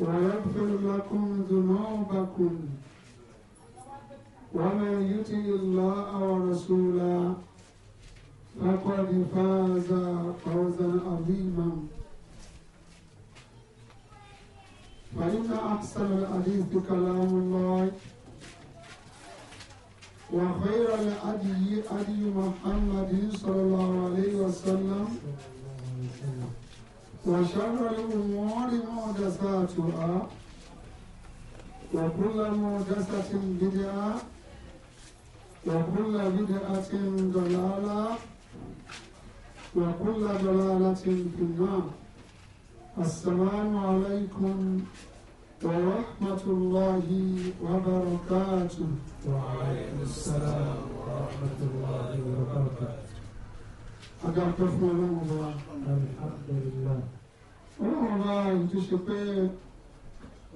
ويغفر لكم ذنوبكم ومن يطع الله ورسوله فقد فاز فوزا عظيما فإن أحسن الحديث كلام الله وخير الهدي هدي محمد صلى الله عليه وسلم وشر الأمور وكل محدثة بدعة وكل بدعة ضلالة وكل ضلالة في النار السلام عليكم ورحمة الله وبركاته وعليكم السلام ورحمة الله وبركاته أدعو الله الحمد لله ọlọ́run bá èyí tó ṣe pé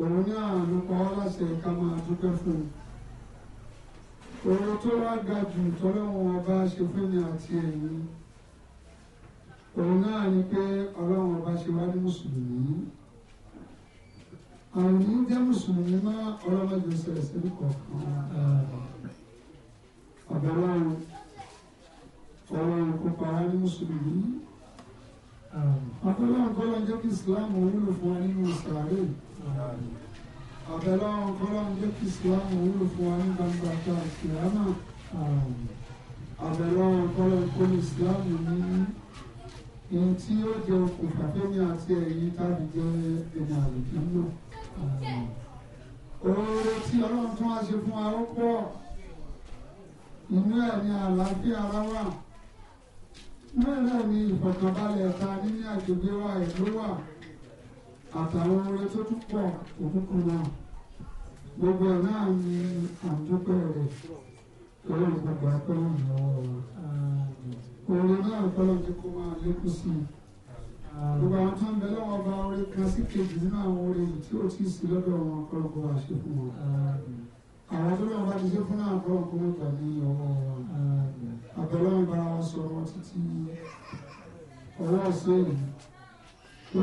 òun ní àánú pa wá láṣẹ ká máa dúpẹ́ fún un òun tó wá ga jù tọ́lọ́run ọba ṣe fún mi àti ẹ̀yin òun náà ni pé ọlọ́run ọba ṣe wá ní mùsùlùmí àwọn ní jẹ́ mùsùlùmí má ọlọ́run jẹ́ sẹ̀rẹ̀ sẹ́ni kọ̀ọ̀kan ọ̀bẹ̀rẹ̀ ọlọ́run kó pa wá ní mùsùlùmí àbẹ̀lọ́wọ̀n kọ́lá ń jẹ́ kí islam wúlò fún wa nínú sàárè àbẹ̀lọ́wọ̀n kọ́lá ń jẹ́ kí islam wúlò fún wa ní gbangba ta kìlámà àbẹ̀lọ́wọ̀n kọ́lá ń kó islam ní ohun tí ó jẹ okùnfà fẹ́mi àti ẹ̀yìn tàbí jẹ́ ẹni àlùkí náà oore tí ọlọ́run tún wá ṣe fún wa ó pọ̀ inú ẹ̀ ara wà bẹ́ẹ̀ náà ni ìfọ̀kànbalẹ̀ ta níní àgbègbè wa ìlú wa àtàwọn oore tó tún pọ̀ òkúnkún náà gbogbo ẹ̀ náà ni àdúgbò rẹ̀ orí gbogbo akọ́lọ́ ìnáwó wa oore náà kọ́lọ́ ti kó máa lékún sí i gbogbo àwọn tó ń bẹ lọ́wọ́ ọba oore kan sí kejì nínú àwọn oore tí ó ti sí lọ́dọ̀ wọn kọ́lọ́ kó wá ṣe fún wọn àwọn tó lọ́wọ́ bá ti ṣe fún náà fọlọ́ kó mẹ́ta ní ọwọ́ wọn àbẹ̀lọ́wọ́ bá wọn sọ̀rọ̀ títí ọwọ́ ọ̀sẹ̀ rẹ̀ èyí tí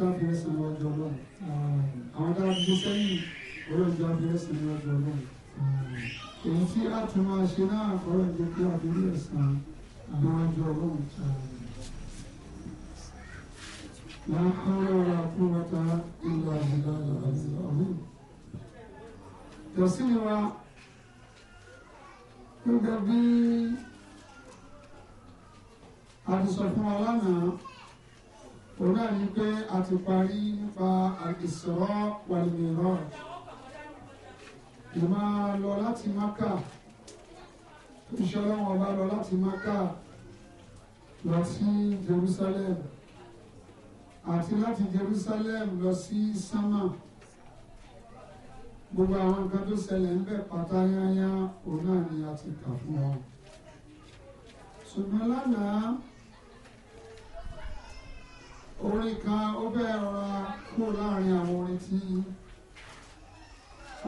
a fi ẹsẹ̀ lọ jọ lọ àwọn a fi sẹ́yìn ọlọ́jọ́ a fi ẹsẹ̀ lọ jọ lọ èyí tí a tún máa ṣe náà ọlọ́jọ́ pé a fi rí ẹ̀sán lọ́jọ́ lọ́wọ́ لا حول ولا قوة إلا بالله العلي العظيم tẹ̀sí wa gẹ́gẹ́ bí a ti sọ fún wa lánàá òun náà ni pé a ti parí nípa al-Isra wal-Miraj ìmọ̀ lọ láti Mákà ìṣọ́lọ́wọ́n ọba lọ láti Mákà lọ sí Jerusalem àti láti Jerusalem lọ sí sámà gbogbo àwọn nǹkan tó ṣẹlẹ̀ ń bẹ̀ pátá yányá òun náà ni a ti kà fún wọn. ṣùgbọ́n lánàá orin kan ó bẹ́ẹ̀ rọra kúrò láàrin àwọn orin tí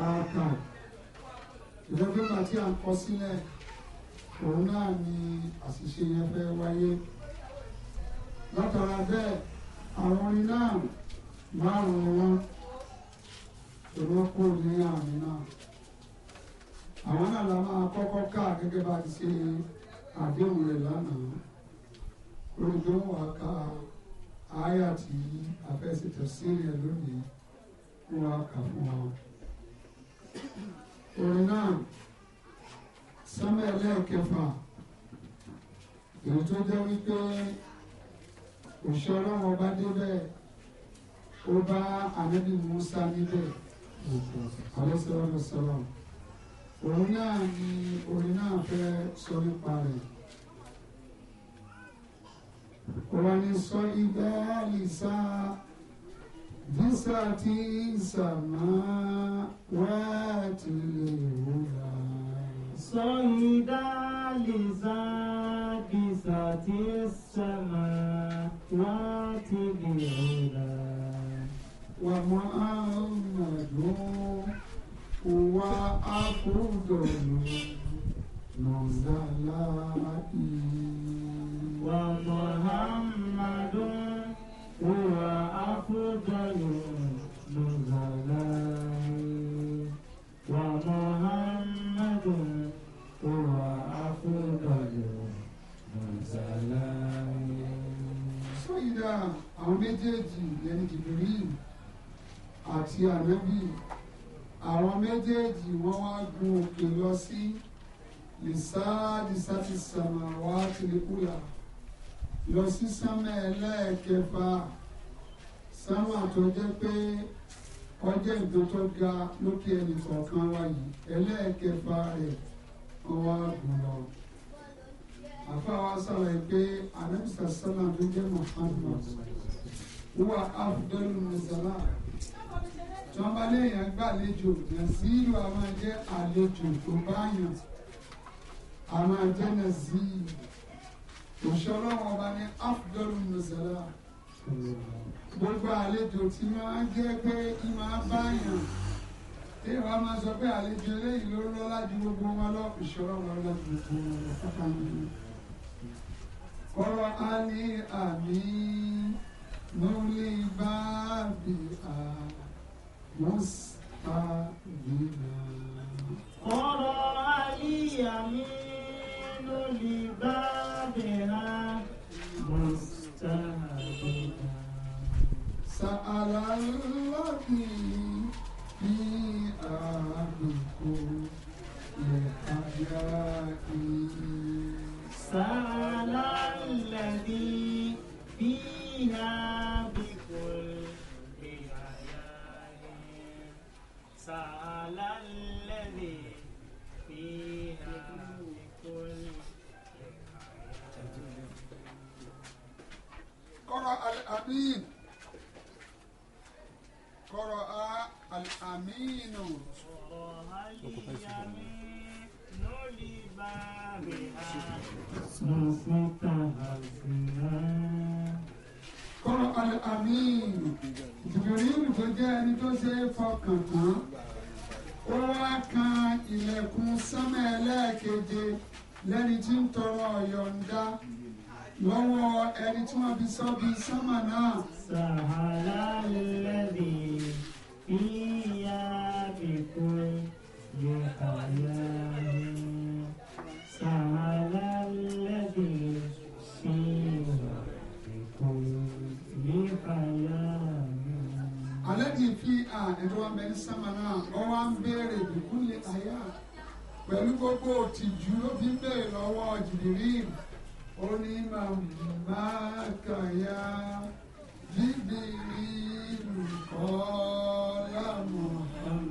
a kà ìjọba tí a ń kọ sílẹ̀ òun náà ni àṣìṣe yẹn fẹ́ wáyé látara bẹ́ẹ̀ àwọn iná márùn-ún wọn tó ló kú ní àmì náà àwọn náà la máa kọ́kọ́ ká gẹ́gẹ́ bá ti ṣe àdéhùn rẹ̀ lánàá olùdóhùn wa ká àyà tí a fẹ́ ṣètò sí rẹ̀ lónìí fún wa kà fún wa. orin náà sọ́mọ́ ẹlẹ́ẹ̀kẹfà èyí tó jẹ́ wípé òṣìṣẹ́ ọlọ́run ọba débẹ̀ ó bá ànábì Musa níbẹ̀ alẹ́sọ̀rọ̀ sọ̀rọ̀ òun náà ni orin náà fẹ́ sọ nípa rẹ̀ wọ́n ní sọ ibà ìsà dísà tí ìsàmà wá ti lè wúra. sọ ìdá lè sá dísà tí كاتب الهدى ومحمد هو أفضل نزلائي ومحمد هو أفضل àwọn méjèèjì yẹn ni Jibril àti ànábì àwọn méjèèjì wọ́n wá gun òkè lọ sí lìsáàdì sátì sàmàwá tìlẹ́kùlà lọ sí sánmà ẹlẹ́ẹ̀kẹfà sánmà tó jẹ́ pé ọjọ́ nǹkan tó ga lókè ẹnì kọ̀ọ̀kan wa yìí ẹlẹ́ẹ̀kẹfà rẹ̀ wọ́n wá gùn lọ. àfa wa sọ̀rọ̀ pé ànábì sàlámù tó jẹ́ Muhammad wúwa afdọ́lù mùsàlá tí wọ́n bá léèyàn gbàlejò nàzírù a máa jẹ́ àlejò tó bá yàn a máa jẹ́ nàzírù òṣèlú ọba ní afdọ́lù mùsàlá gbogbo àlejò tí máa jẹ́ pé kí máa bá yàn èyí wàá máa sọ pé àlejò eléyìí ló lọ́lá ju gbogbo wọn lọ òṣèlú ọba lọ́lá ju gbogbo wọn lọ fọ́tà nínú. kọ́rọ̀ á ní àmì. نولي بابئا مستقبلا قرأ اليمين لبابها مستقبلا سأل الذي في أبكم لحيائي سأل الذي في قرأ الأمين قرأ الأمين قرأ اليمين لبابها وفتح الزمان kọ́lọ́ alẹ́ àmín jìbìrìlù tó jẹ́ ẹni tó ṣe é fọkàn tán ó wá kan ilẹ̀kùn sánmà ẹlẹ́ẹ̀keje lẹ́ni tí ń tọrọ ọ̀yọ̀ǹda lọ́wọ́ ẹni tí wọ́n fi sọ́ bí sánmà náà. sàhálà lẹ́bi fíyà bìkún yóò kàwé sàhálà lẹ́bi. a ẹni wọn bẹ ní sámà ń béèrè ìdúkúnlẹ̀ àyà pẹ̀lú gbogbo òtìjú ló fi ń béèrè lọ́wọ́ jìbìrì ó ní jìbìrì kọ́ lámọ̀ hàn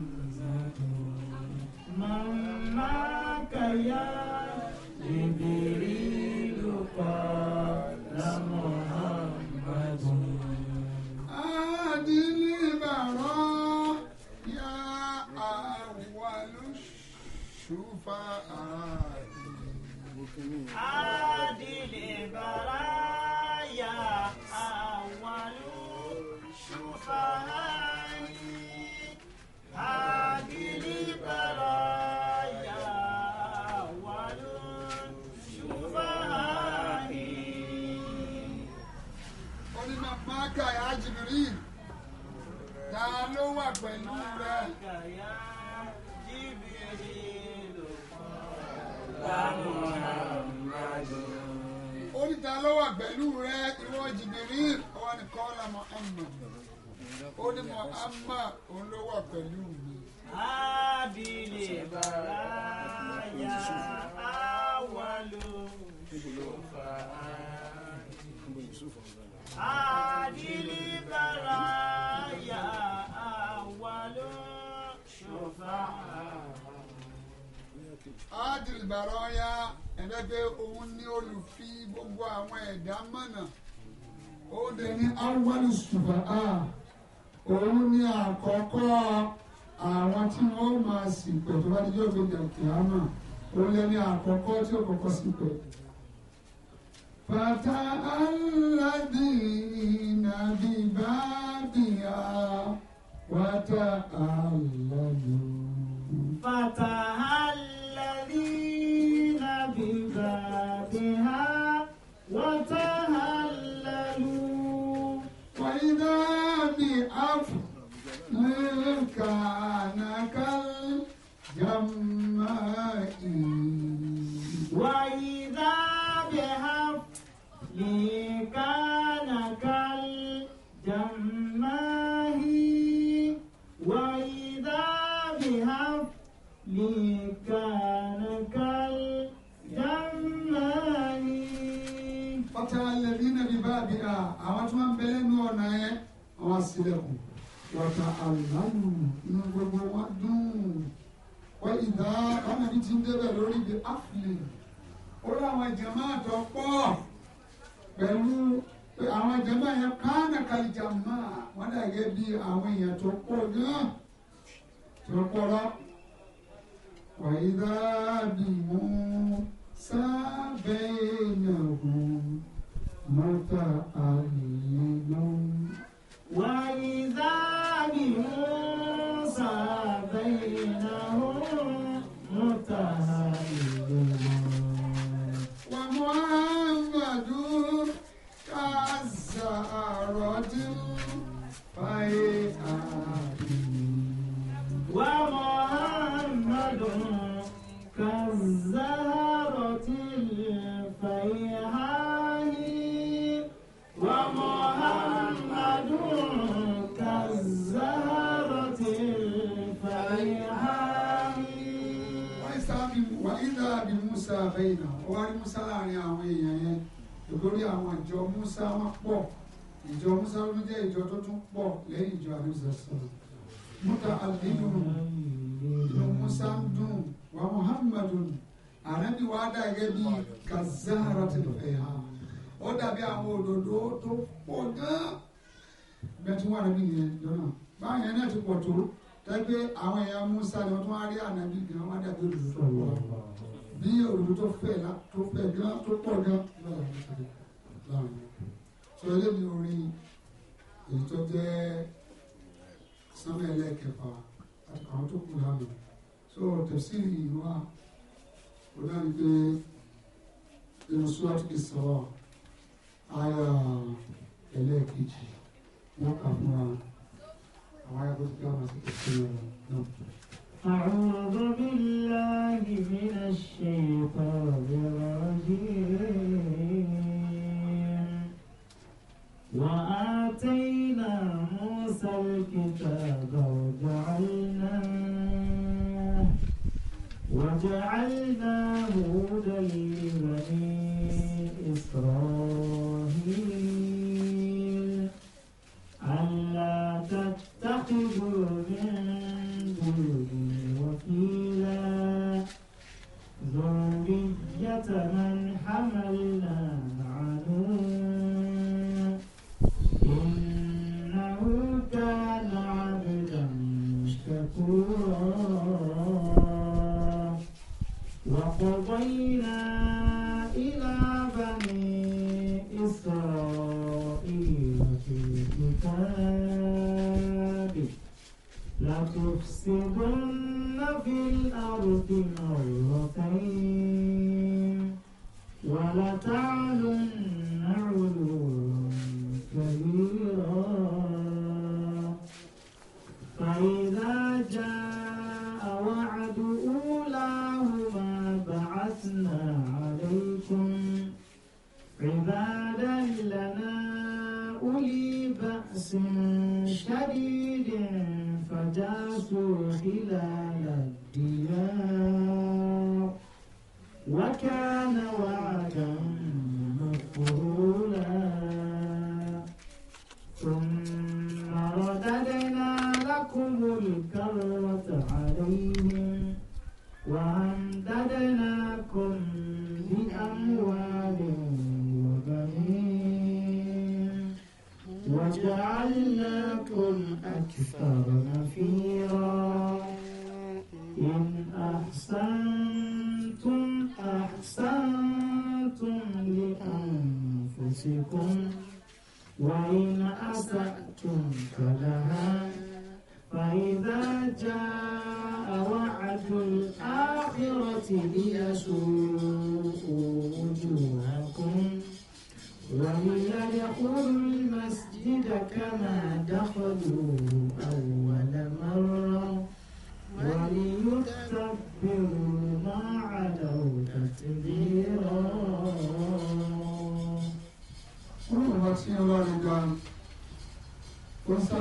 adìlẹ̀ bàráyà àwàlú ṣùfàánì adìlẹ̀ bàráyà àwàlú ṣùfàánì. onímọ̀ máàkà yà á jìbìrì ta ló wà pẹ̀lú rẹ oríta ló wà pẹ̀lú rẹ ìwọ jìbìrìl ọwọ́ ni kọ́lá Muhammad ó ní Muhammad òun ló wà pẹ̀lú mi. ábìlì bàbá yá àwàlò ṣùfà ábìlì bàbá yá àwàlò ṣùfà adìrìbàrọ̀ya ẹ̀dẹ́gbẹ́ òun ní olùfi gbogbo àwọn ẹ̀dá mọ̀nà ó lè ní awọ́lù ṣùgbọ́n a òun ní àkọ́kọ́ àwọn tí wọ́n máa sìn pẹ̀ tó bá ní yóò gbé dàkíámà òun lè ní àkọ́kọ́ tí ó kọ́kọ́ sìn pẹ̀. bàtà aládìrínà bíi bábìyà wàtà àlọ́ yòó. bàtà aládìrínà. الذين بذاتها وتهللوا وإذا بأفضل كان كالجماء وإذا بحفل كان كالجماء لكان كالجمال فترى الذين ببابها أوتوا بلن وناية واسلكوا وتألموا إن وبوادوا وإذا أنا بتندب لوري بأفلي ọ̀rọ̀ àwọn jama tó pọ̀ pẹ̀lú àwọn jama yẹn kánà kàlí jama wọn dàgẹ́ bí àwọn èèyàn tó pọ̀ náà tó pọ̀ lọ́pọ̀. وإذا بموسى بينهم متعين وإذا بموسى بينهم متعين musa abẹ́yìnà ó wá rí musa láàrin àwọn èèyàn yẹn ìgbórí àwọn ìjọ musa wọn pọ̀ ìjọ musa ló jẹ́ ìjọ tó tún pọ̀ lẹ́yìn ìjọ àdúgbò sọ̀rọ̀ múta àdínú musa ń dùn wa muhammadun ànábì wa dà gẹ́gẹ́ bí kazara ti fẹ́ hàn ó dàbí àwọn òdòdó tó pọ̀ gan-an bẹ́ẹ̀ tí wọ́n rẹ̀ mí yẹn náà ti pọ̀ tó tẹ́gbẹ́ àwọn èèyàn musa ni wọ́n tún wá rí ànábì gan-an wọ́n dàbí òdòdó tó pọ̀ bí òru tó fẹ̀ tó fẹ̀ gan tó pọ̀ gan náà ló ṣe láàrin sọ eléyìí orin èyí tó jẹ́ sánmẹ́ ẹlẹ́kẹfà àti àwọn tó kù lánàá so tẹ̀sí ìwà ọ̀dà ni pé inú súwájú kì í sọ̀rọ̀ àyà ẹlẹ́ẹ̀kejì wọ́n kà fún wa àwọn ayàgbọ́sí kí wọ́n máa ṣe tẹ̀sí ìwà náà. أعوذ بالله من الشيطان الرجيم وآتينا موسى الكتاب وجعلناه وجعلنا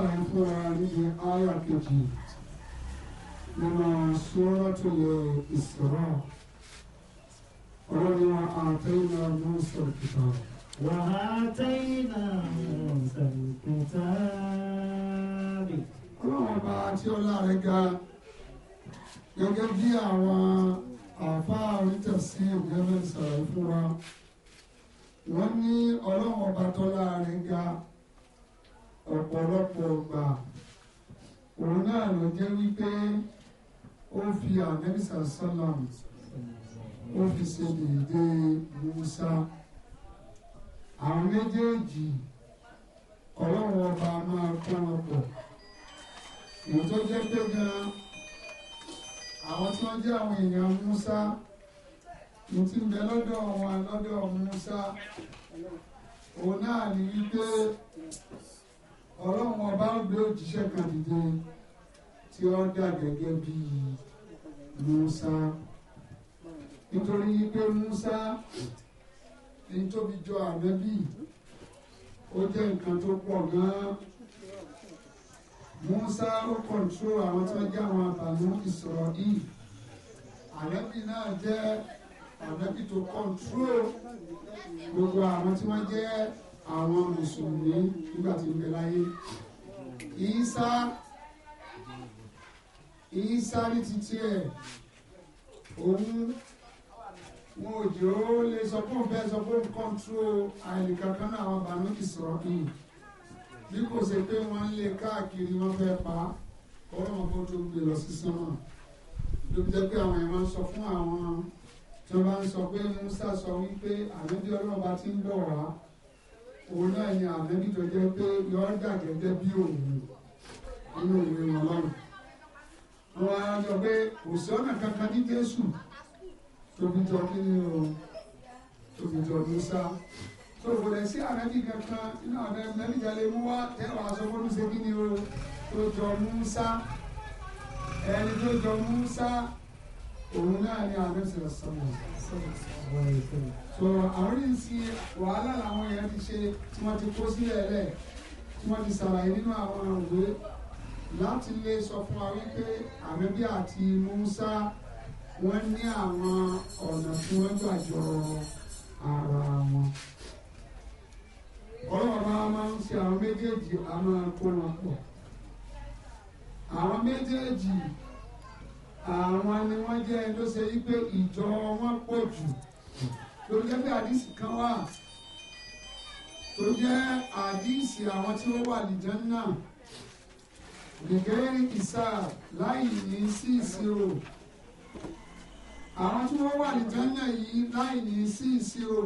ṣàlàyé fún wa níbi àyà kejì nínú Suratul Isra ọlọ́ni wa àtẹ́yìnà Musa al-kitab. wa àtẹ́yìnà Musa al-kitab. ọlọ́run ọba tí ọlá rẹ̀ ga gẹ́gẹ́ bí àwọn àfáà oríta sí ìgbẹ́mẹ̀sà fún wa wọ́n ní ọlọ́run ọba tọ́lá rẹ̀ ga. ọ̀pọ̀lọpọ̀ ọgbà òun náà ló jẹ́ wípé ó fi ànẹ́bísà sọ́làm ó fi ṣe dèédé Musa àwọn méjèèjì ọlọ́run ọba máa kó wọn pọ̀ tó jẹ́ pé gan àwọn tí Musa mo ti ń Musa òun náà ní wípé. ọlọ́run ọba gbé òjíṣẹ́ kan dìde tí ó dà gẹ́gẹ́ bí Musa nítorí pé Musa nítorí jọ ànábì ó jẹ́ nǹkan tó pọ̀ gan Musa ó kọ̀ǹtró àwọn tó jẹ́ àwọn àbànú ìsọ̀rọ̀ yìí ànábì náà jẹ́ ànábì tó kọ̀ǹtró gbogbo àwọn tí wọ́n jẹ́ àwọn mùsùlùmí nígbà tí ń bẹ láyé ìsá ìsá ní títí ẹ̀ òun wọn ò jẹ́ ó lè sọ fún òun fẹ́ sọ fún òun kọ́ńtró àìlèkankan náà àwọn bàánú ìsọ̀rọ̀ yìí bí kò ṣe pé wọ́n ń lé káàkiri wọ́n fẹ́ pa ọlọ́run kó tó gbé lọ sí sánmà lóbi jẹ́ pé àwọn èèyàn sọ fún àwọn tí wọ́n bá ń sọ pé Musa sọ wípé àlejò ọlọ́run bá ti ń bọ̀ wá òun náà ni ànábì tó jẹ́ pé yọ̀ọ́ dà gẹ́gẹ́ bí òun nínú òwe wọn lọ́rùn wọn á sọ pé kò sí ọ̀nà kankan ní Jésù tóbi jọ kí ni o tóbi jọ Musa tó kò lè sí ànábì kankan nínú àwọn ànábì jalè mú wá tẹ́wàá sọ fún mi ṣe kí ni o tó jọ Musa ẹni tó jọ Musa òun náà ni ànábì sọ̀rọ̀ sọ̀rọ̀ sọ̀rọ̀ sọ̀rọ̀ so àwọn ní sí wàhálà làwọn yẹn ti ṣe tí wọ́n ti kó sílẹ̀ lẹ̀ tí wọ́n ti ṣàlàyé nínú àwọn òwe láti lè sọ fún wa wípé àmẹ́bí àti Musa wọ́n ní àwọn ọ̀nà tí wọ́n gbàjọ ara wọn ọlọ́run máa ń ṣe àwọn méjèèjì a máa kó wọn pọ̀ àwọn méjèèjì àwọn ni wọ́n jẹ́ ló ṣe wípé ìjọ wọn pọ̀ jù lórí jẹ́ pé àdìsí kan wà tó jẹ́ àdìsí àwọn tí ó wà ní Jánnà gègé ìsà láì ní sí ìṣirò àwọn tí wọ́n wà ní Jánnà yìí láì ní sí ìṣirò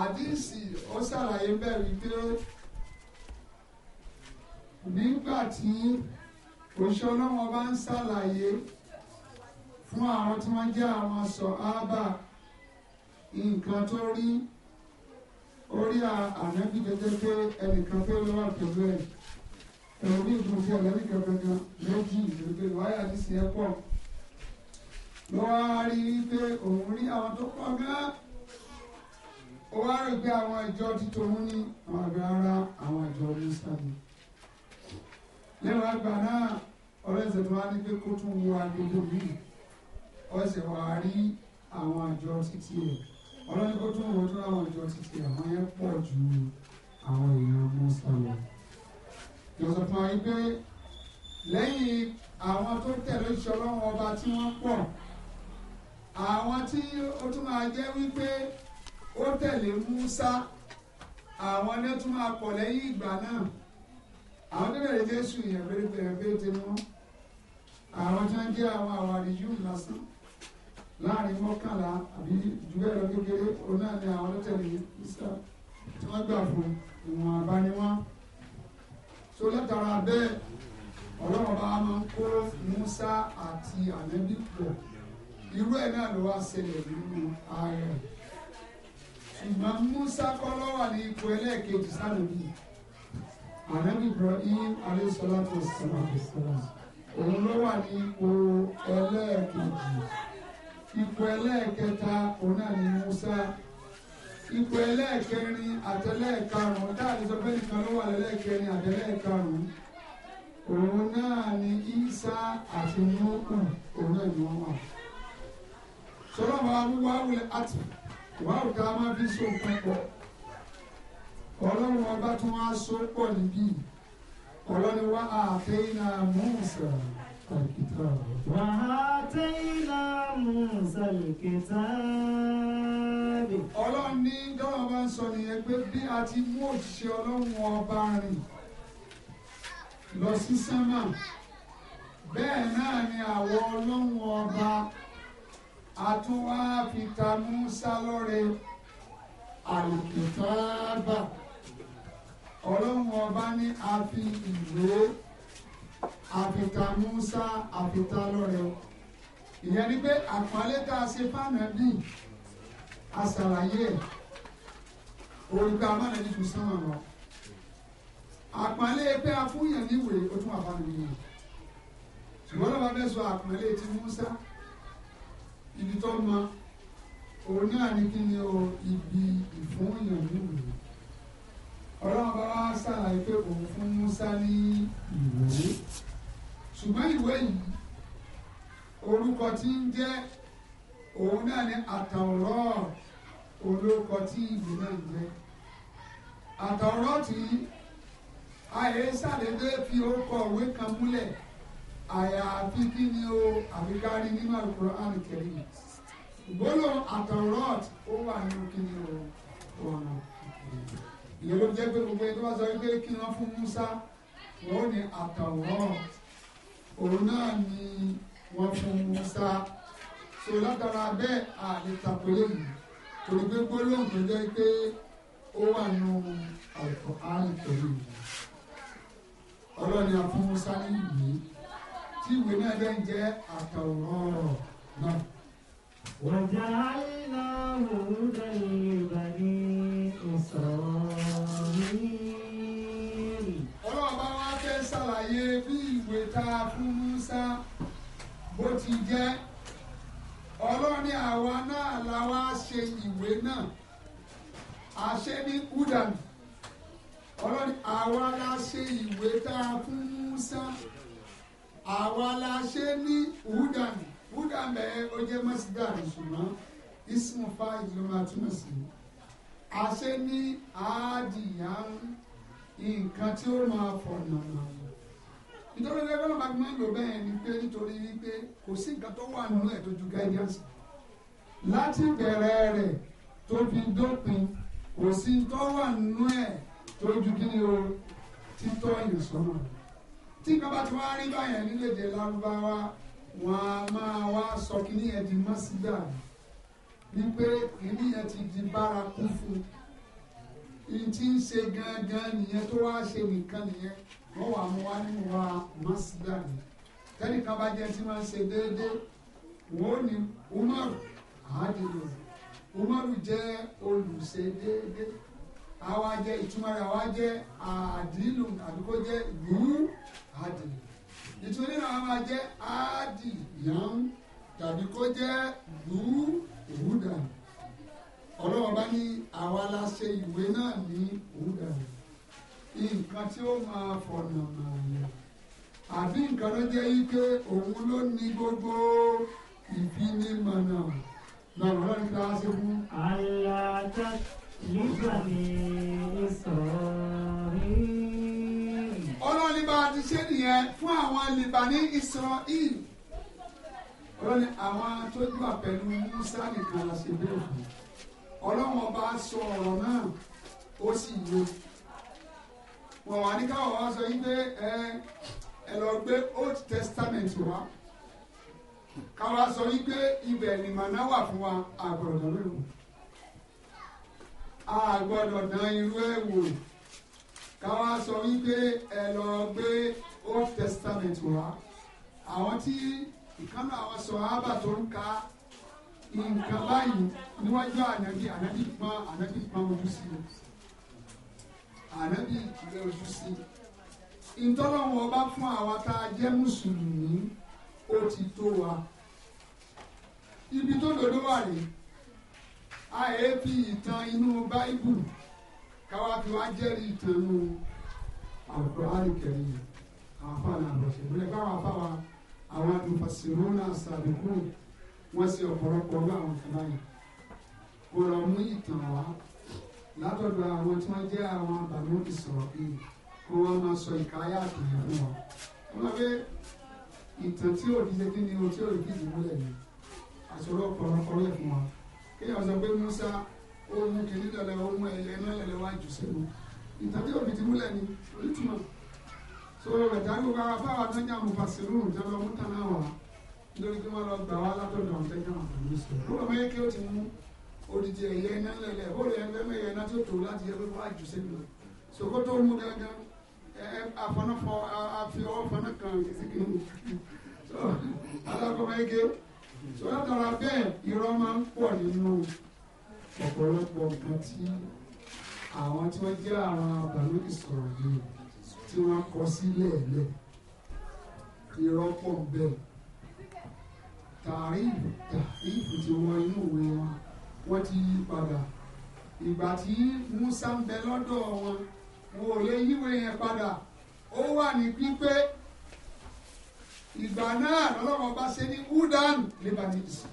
àdìsí ó ṣàlàyé bẹ́ẹ̀ wípé nígbà tí òṣìṣẹ́ ọlọ́wọ́n bá ń ṣàlàyé fún àwọn tí wọ́n jẹ́ àwọn sọ ábà. So nǹkan tó rí orí ànábì gẹ́gẹ́ pé ẹnìkan pé ló wà pẹ̀lú ẹ̀ ẹ̀rọ ní ìdùnnú fún ọ̀lẹ́bí kankan méjì ìdúrógbé wáyà ní sí ẹ̀ pọ̀ ló wá rí pé òun rí àwọn tó pọ̀ gan-an ó wá rí pé àwọn ìjọ ti tòun ní àwọn àgbẹ̀ ara àwọn ìjọ ní sábì lẹ́wọ̀n àgbà náà ọ̀rẹ́ ìṣẹ̀lẹ̀ wá ní pé kó tún wo agbègbè míì ọ̀sẹ̀ wá rí àwọn àjọ títí ẹ̀ ọlọ́dún kó tún wọ́n tún láwọn ìjọ títí àwọn yẹn pọ̀ ju àwọn èèyàn mọ́sá lọ. ìjọsìn fún wa pé lẹ́yìn àwọn tó tẹ̀lé iṣẹ́ ọlọ́run ọba tí wọ́n pọ̀ àwọn tí ó tún máa jẹ́ wípé ó tẹ̀lé Mùsá àwọn ní ó tún máa pọ̀ lẹ́yìn ìgbà náà àwọn tó bẹ̀rẹ̀ Jésù yẹn pérépéré pé ó ti mú àwọn tó ń jẹ́ àwọn àwàrí yìí lásán láàrin mọ́kànlá àbí jù bẹ́ẹ̀ lọ kékeré òun náà ni àwọn ọlọ́tẹ̀lẹ̀ ìsà tí wọ́n gbà fún ìwọ̀n àbániwá so látara bẹ́ẹ̀ ọlọ́run bá máa ń kó Musa àti ànábì pọ̀ irú ẹ̀ náà ló wá ṣẹlẹ̀ nínú ààrẹ ṣùgbọ́n Musa kọ́ ló wà ní ipò ẹlẹ́ẹ̀kejì sánàbí ànábì Ibrahim alẹ́sọ́lá tó sọ̀rọ̀ òun ló wà ní ipò ẹlẹ́ẹ̀kejì ipò ẹlẹ́ẹ̀kẹta òun náà ni Musa ipò ẹlẹ́ẹ̀kẹrin àtẹlẹ́ẹ̀karùn-ún dáàbí sọ pé nìkan ló wà lẹ́lẹ́ẹ̀kẹrin àtẹlẹ́ẹ̀karùn-ún òun náà ni Isa àti Nuhu òun náà ni wọ́n wà. sọlá bàbá mi wá wulẹ̀ àti wàá wùdá máa fi so nǹkan pọ̀ ọlọ́run ọba tún wá so níbí ọlọ́ni wá àfẹ́ náà Musa. الكتاب وآتينا موسى الكتاب ọlọ́run ní dáwọ́ bá ń sọ nìyẹn pé bí a ti mú òṣìṣẹ́ ọlọ́run ọba rìn lọ sí sánmà bẹ́ẹ̀ náà ni àwọ̀ ọlọ́run ọba a tún Musa lọ́rẹ àlùkìtàbà ọlọ́run ọba ní a ìwé àfìta Musa àfìta lọ́rẹ o ìyẹn ni pé àpọ́nlé tá a ṣe fáànàbì a ṣàlàyé ẹ̀ orúkọ amánàbí tún sánmà lọ àpọ́nlé pé a fún yàn níwèé ó tún wà fáànàbì yàn ṣùgbọ́n lọ́wọ́ bẹ́ẹ̀ sọ àpọ́nlé ti Musa ibi tó mọ òun náà ní kí ni o ibi ìfún yàn níwèé ọlọ́run bá wá ṣàlàyé pé òun fún Musa ní ìwé ṣùgbọ́n ìwé yìí orúkọ tí ń jẹ́ òun náà ní àtàwọ̀rọ̀ olórúkọ tí ìwé náà ń jẹ́ àtàwọ̀rọ̀ tí ayé ṣàlẹ́gbẹ́ fi orúkọ òwe kan múlẹ̀ àyàfi kí ni o àfikárí nínú Al-Qur'an Al-Karim gbólóhùn àtàwọ̀rọ̀ ó wà nínú kí ni o ọ̀nà ìyẹn ló jẹ́ pé gbogbo ẹni tó bá sọ wípé kí wọ́n fún Musa wọ́n ní àtàwọ̀rán òun náà ni wọ́n fún Musa so látara bẹ́ẹ̀ àlè tàpélé yìí torí pé gbólóhùn tó jẹ́ pé ó wà nù ọ̀pọ̀ àrùn pẹ̀lú ìlú ọlọ́ni afún Musa ní ìwé tí ìwé náà jẹ́ àtàwọ̀rán náà. وجعلناه هدى لبني إسرائيل ọlọ́run bá wá fẹ́ ṣàlàyé bí ìwé tá a fún Musa bó ti jẹ́ ọlọ́run ní àwa náà la ṣe ní udan ọlọ́run àwa la ṣe ìwé tá a fún Musa udan. Buda bẹ́ẹ̀ ó jẹ́ mọ́sídàrú ṣùgbọ́n ismu fáìlì ló máa túmọ̀ sí i àṣẹ ní àádìyá nǹkan tí ó máa fọ̀nà náà nítorí ilé ẹgbẹ́ náà máa ń lò bẹ́ẹ̀ ni pé nítorí wípé kò sí nǹkan tó wà nínú ẹ̀ tó ju guidance láti bẹ̀rẹ̀ rẹ̀ tó fi dópin kò sí tó wà nínú ẹ̀ e tó ju kí ni o títọ́ ìrìnsọ́nà tí nǹkan bá ti wá rí báyẹn nílẹ̀ èdè lárúbáwá wọ́n á máa wá sọ kí ní ẹ̀dín mọ́sídà wípé kìíní yẹn ti di bárakú fún un tí ń ṣe gangan nìyẹn tó wá ṣe nìkan nìyẹn wọ́n wà mú wá nínú wa mọ́sídà ni tẹ́nìkan bá jẹ́ tí wọ́n ṣe déédéé wọ́n ó ní umaru àádìlò umaru jẹ́ olùṣe déédéé àwa jẹ́ ìtumọ̀ rẹ̀ àwa jẹ́ àdìlù àbíkó jẹ́ yùú àdìlù ìtumọ̀ nínú àwọn máa jẹ́ áàdì yàn tàbí kó jẹ́ lù òwúdà ọlọ́wọ́ bá ní àwa la ṣe ìwé náà ní òwúdà nǹkan tí ó máa fọ̀nà màáyà àbí nǹkan ló jẹ́ ike òun ló ní gbogbo ìfinimọ̀nà lọ́wọ́ lọ́wọ́ nípa ṣe fún. àyà tá yóò gbà ní ìsọ̀rí ní bá a ti ṣe nìyẹn fún àwọn lìbà ní Israel ọlọ́run ní àwọn tó gbà pẹ̀lú Musa nìkan la ṣe bẹ́ẹ̀ fún ọlọ́run ọba sọ ọ̀rọ̀ náà ó sì yọ wọn wà ní káwọn wá sọ yí pé ẹ ẹ lọ gbé Old Testament wá káwa sọ yí pé ibẹ̀ ni màná wà fún wa àgbọ̀dọ̀ lóru àgbọ̀dọ̀ dán irú ẹ̀ wò káwá sọ wípé ẹ lọ gbé old testament wá àwọn tí ìkànnì àwọn sọ ábà tó ń ka nǹkan báyìí níwájú ànábì ànábì pa ànábì pa ojú sí i ànábì ìpìlẹ̀ ojú sí i ntọ́lọ́wọ́n ọba fún àwa tá a jẹ́ mùsùlùmí ó ti tó wa ibi tó lòdó wà rèé àyè fi ìtàn inú báíbùlù káwá fi wá jẹ́rìí ìtànú àlùkòránì kẹrin àwọn afáàlà àbọ̀ṣẹ̀ ìbílẹ̀ káwá afáwa àwọn àdùnfàṣẹ̀rọ̀nà àṣàbẹ̀kú wọ́n sì ọ̀pọ̀lọpọ̀ ọ̀rọ̀ àwọn kan báyìí kò lọ mú ìtàn wá látọ̀dọ̀ àwọn tí wọ́n jẹ́ àwọn àbàmú ìsọ̀rọ̀ yìí kó wọ́n máa sọ ìkáyà àtìyàn fún wọn. wọ́n gbé ìtàn tí ò díje kí ni o tí ò rí kí ìdìbò lẹ̀ ní àṣọrọ̀ ọ̀pọ̀lọpọ̀ rẹ̀ fún wọn ó mú kìíní lọ́lẹ̀ ó mú ẹyẹ náà lọ́lẹ̀ wá jù sínú ìtọ́jú òbí ti múlẹ̀ ni onítùmọ̀ so rẹ̀ dágbó bá wá fáwọn tó ń jà mú fàṣírù ìjọba mú tán náà wà lórí kí wọ́n lọ gbà wá látọ̀dọ̀ àwọn tẹ́jà wọn kò ní sọ. ó wà mẹ́yẹ ó ti mú odidi ẹ̀yẹ iná lẹ̀lẹ̀ ó lè ẹgbẹ́ mẹ́yẹ iná tó tó láti yẹ pé wá sínú lọ mú gángan afọnàfọ so alákọ̀ọ́ mẹ́yẹ kí so látara bẹ́ẹ̀ irọ́ máa ọ̀pọ̀lọpọ̀ nǹkan tí àwọn tí wọ́n jẹ́ àwọn àbálòdì sọ̀rọ̀ yìí tí wọ́n kọ sílẹ̀ lẹ̀ irọ́ pọ̀ bẹ́ẹ̀ tàríìfù tàríìfù tí wọ́n inú ìwé wọn wọ́n ti yí padà ìgbà tí Musa ń bẹ lọ́dọ̀ wọn wọn ò lè yíwé yẹn padà ó wà ní pípé ìgbà náà lọ́lọ́wọ́ ṣe ní udan nígbà tí ìsìn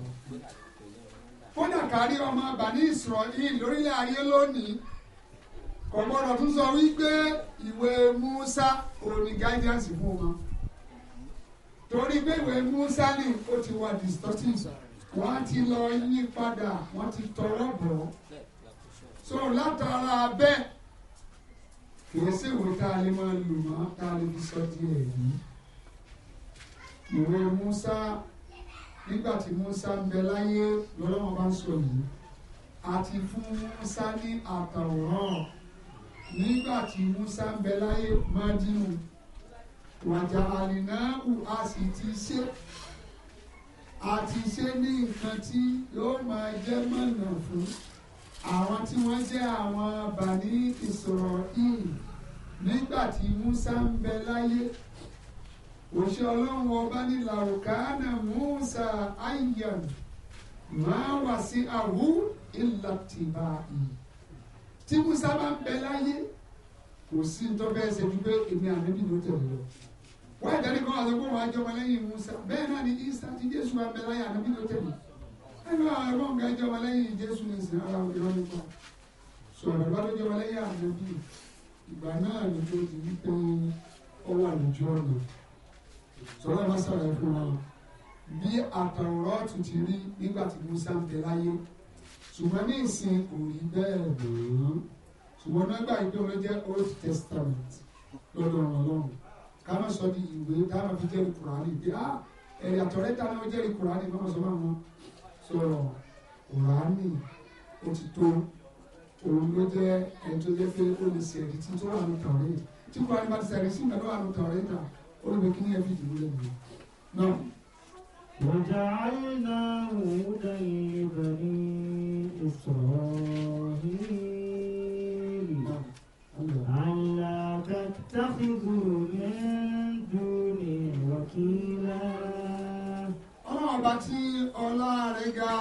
fúnà kárí ọmọ bani Israel lórílẹ̀ ayé lónìí kò gbọ́dọ̀ tún sọ wípé ìwé Musa òní guidance fún wọn torí pé ìwé Musa ni ó ti wà distorting wọ́n ti lọ yí padà wọ́n ti tọrọ bọ̀ so látara bẹ́ẹ̀ kìí sí ìwé tá a lè máa lò mọ́ tá a lè fi sọ díẹ̀ yìí ìwé Musa nígbà tí Musa ń bẹ láyé lọ́lọ́wọ́ bá ń sọ yìí àti fún Musa ní àtàwòrán nígbà tí Musa ń bẹ láyé mádínú wàjà àlìnáàbù a sì ti ṣe àti ṣe ní nǹkan tí yóò máa jẹ́ mọ̀nà fún àwọn tí wọ́n jẹ́ àwọn bàní ìsọ̀rọ̀ yìí nígbà tí Musa ń bẹ láyé òṣè ọlọ́run ọba ní làwùkánà mú ayyan máa wà sí àwù ìlàtìbà yìí tí musa bá ń bẹ láyé kò sí ní tọ́fẹ́ ṣe ju pé èmi ànábì ló tẹ̀lé lọ wọ́n ìdarí kan àti kó wàá jọba lẹ́yìn musa bẹ́ẹ̀ náà ni isa ti jésù bá ń bẹ láyé ànábì ló tẹ̀lé ẹgbẹ́ àwọn ẹgbẹ́ òǹkà jọba lẹ́yìn jésù ní ìsìn ara òjò nípa sọ̀rọ̀ bá tó jọba lẹ́yìn ànábì ìgbà náà ni tó ti wípé ó wà lójú ọ̀nà sọ̀rọ̀ bá sọ̀rọ̀ fún wa bí àtàwòrọ́ọ̀tù ti rí nígbà tí Musa ń bẹ láyé ṣùgbọ́n ní ìsìn kò rí bẹ́ẹ̀ lòó ṣùgbọ́n nígbà yìí pé wọ́n jẹ́ Old Testament lọ́dọ̀ Ọlọ́run ká má sọ di ìwé dáhùn fi jẹ́rìí Kùránì bí a ah, ẹ̀rí àtọ̀rẹ́ dáná ó jẹ́rìí Kùránì má má sọ máa wọn sọ̀rọ̀ Kùránì ó ti tó òun ló jẹ́ ẹni tó jẹ́ pé ó lè ṣe ẹ̀rí tí tó wà ní tọ̀rẹ́ tí Kùránì bá ti ṣe ẹ̀rí sí ìgbà ní tọ̀rẹ́ ta ó lè kí ní ẹbí ìdìbò lẹ́nu náà. وجعلناه هدى لبني إسرائيل ألا تتخذوا من دوني وكيلا ọlọ́run ọba tí ọlá rẹ̀ ga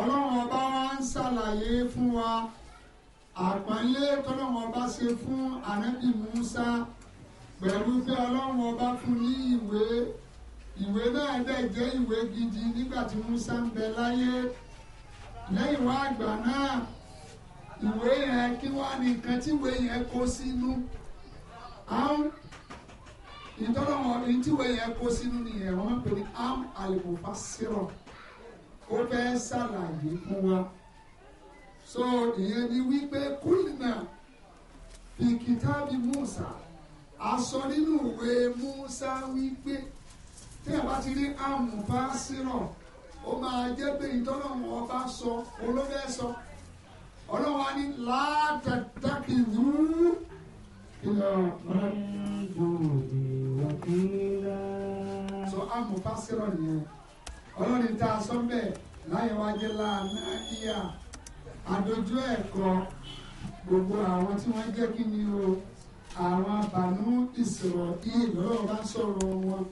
ọlọ́run ọba wa ń ṣàlàyé fún wa àpọ́nlé tọ́lọ́run ọba ṣe fún ànábì Musa pẹ̀lú pé ọlọ́run fún ní ìwé ìwé náà dẹ̀ jẹ́ ìwé gidi nígbà tí Musa ń bẹ láyé lẹ́yìn wá àgbà náà ìwé yẹn kí wá ní nǹkan tí ìwé yẹn kó sínú àwọn ìtọ́lọ́wọ́ tí ìwé yẹn kó sínú nìyẹn wọ́n pè ní am alimufa sírọ̀ ó fẹ́ ṣàlàyé fún wa so ìyẹn ni wípé kúlìnà bìkítà bíi Musa a sọ nínú ìwé Musa wípé tí a bá ti rí àmùbá sírọ̀ ó máa jẹ́ pé ìtọ́lọ́run ọba sọ olóbẹ́ sọ ọlọ́wà ní látàtàkì rú ìlọ sọ àmùbá sírọ̀ nìyẹn ọlọ́ni tá a sọ bẹ́ẹ̀ láyé wá jẹ́ láàánú ìyá àdójú ẹ̀kọ́ gbogbo àwọn tí wọ́n jẹ́ kí ni o àwọn àbànú ìsọ̀rọ̀ ìlọ́wọ́ bá sọ̀rọ̀ wọn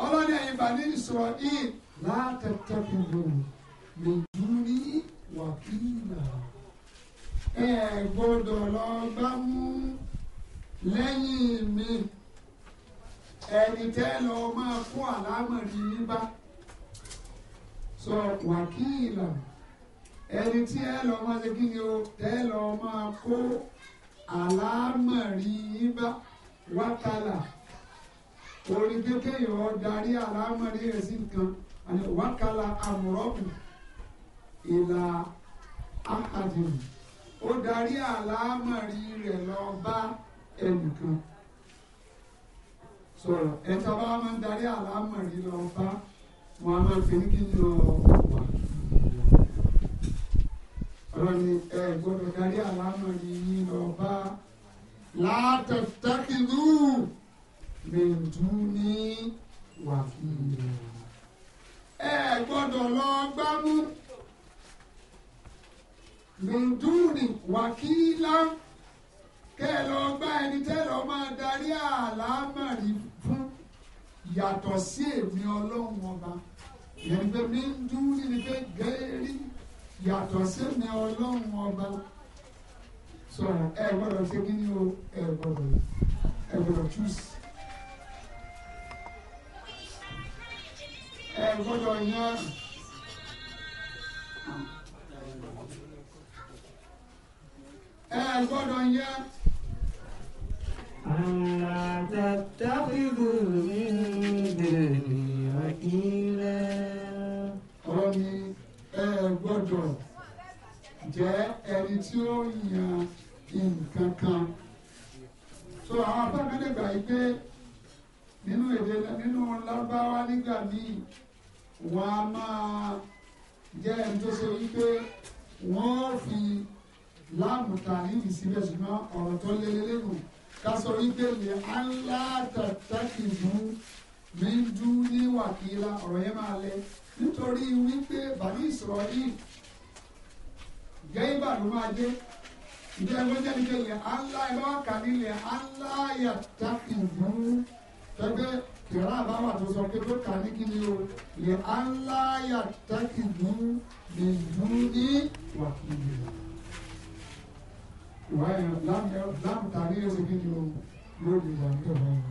ọlọ́ni ẹ̀yin bani Israel látẹ̀tẹ̀kùnrin lòdù ní wàkìlà ẹ gbọ́dọ̀ lọ gbá mú lẹ́yìn mi ẹni tẹ́ lọ máa kó àlámọ̀rí yín bá sọ wàkìlà ẹni tí ẹ lọ máa ṣe kí ni o tẹ́ lọ máa kó àlámọ̀rí yín bá wákàlà orí pé kéèyàn darí àlámọ̀rí rẹ̀ sí nǹkan àti wákàlà àmúrọ́bù ìlà àkàdìmù ó darí àlámọ̀rí rẹ̀ lọ bá ẹnìkan sọ̀rọ̀ ẹ̀ta bá máa ń darí àlámọ̀rí lọ bá wọn a máa fi ní kí n lọ wà ọ̀rọ̀ ni ẹ gbọ́dọ̀ darí àlámọ̀rí yín lọ bá látẹ̀tẹ̀kìlú mẹ̀dúní wà fún mi. ẹ gbọ́dọ̀ lọ gbámú mẹ̀dúní wà kílá kẹ́ ẹ lọ gbá ẹni tẹ́ lọ máa darí àlámàrí fún yàtọ̀ sí èmi ọlọ́run ọba ìyẹn pé mẹ̀dúní ni pé gẹ́rí yàtọ̀ sí èmi ọlọ́run ọba sọ̀rọ̀ ẹ e gbọ́dọ̀ ṣe kí ni o ẹ e gbọ́dọ̀ ẹ e gbọ́dọ̀ choose. ẹ gbọ́dọ̀ yan. ẹ gbọ́dọ̀ yan. àlà tàtàkìlù mi bẹ̀rẹ̀ ilẹ̀. ọ̀rọ̀ ni ẹ gbọ́dọ̀ jẹ́ ẹni tí ó yan nǹkan kan. sọ àwọn afẹ́fẹ́ lè gbà yí pé nínú èdè nínú lárúbáwá nígbà míì wọn a máa jẹ́ ẹni tó ṣe wípé wọ́n fi láàmù tàníìmì síbẹ̀ ṣùgbọ́n ọ̀rọ̀ tó lé lélẹ́nu ká sọ wípé lè aláàtàtàkì fún mi dú ní wàkìlá ọ̀rọ̀ yẹn máa lẹ nítorí wípé bàbá ìsọ̀rọ̀ yìí gẹ́gbà ló máa dé ìjẹ́ ẹgbẹ́ jẹ́ nígbà lè aláàyàtàkì fún pẹ́pẹ́ kìrá àbáwà tó sọ pé tó kà ní kí ni o lè aláyà tákìdú lè dú ní wàkìlì ìwà yẹn láàmù tàbí yóò ṣe kí ni o lórí ìwà ń tọ̀ báyìí.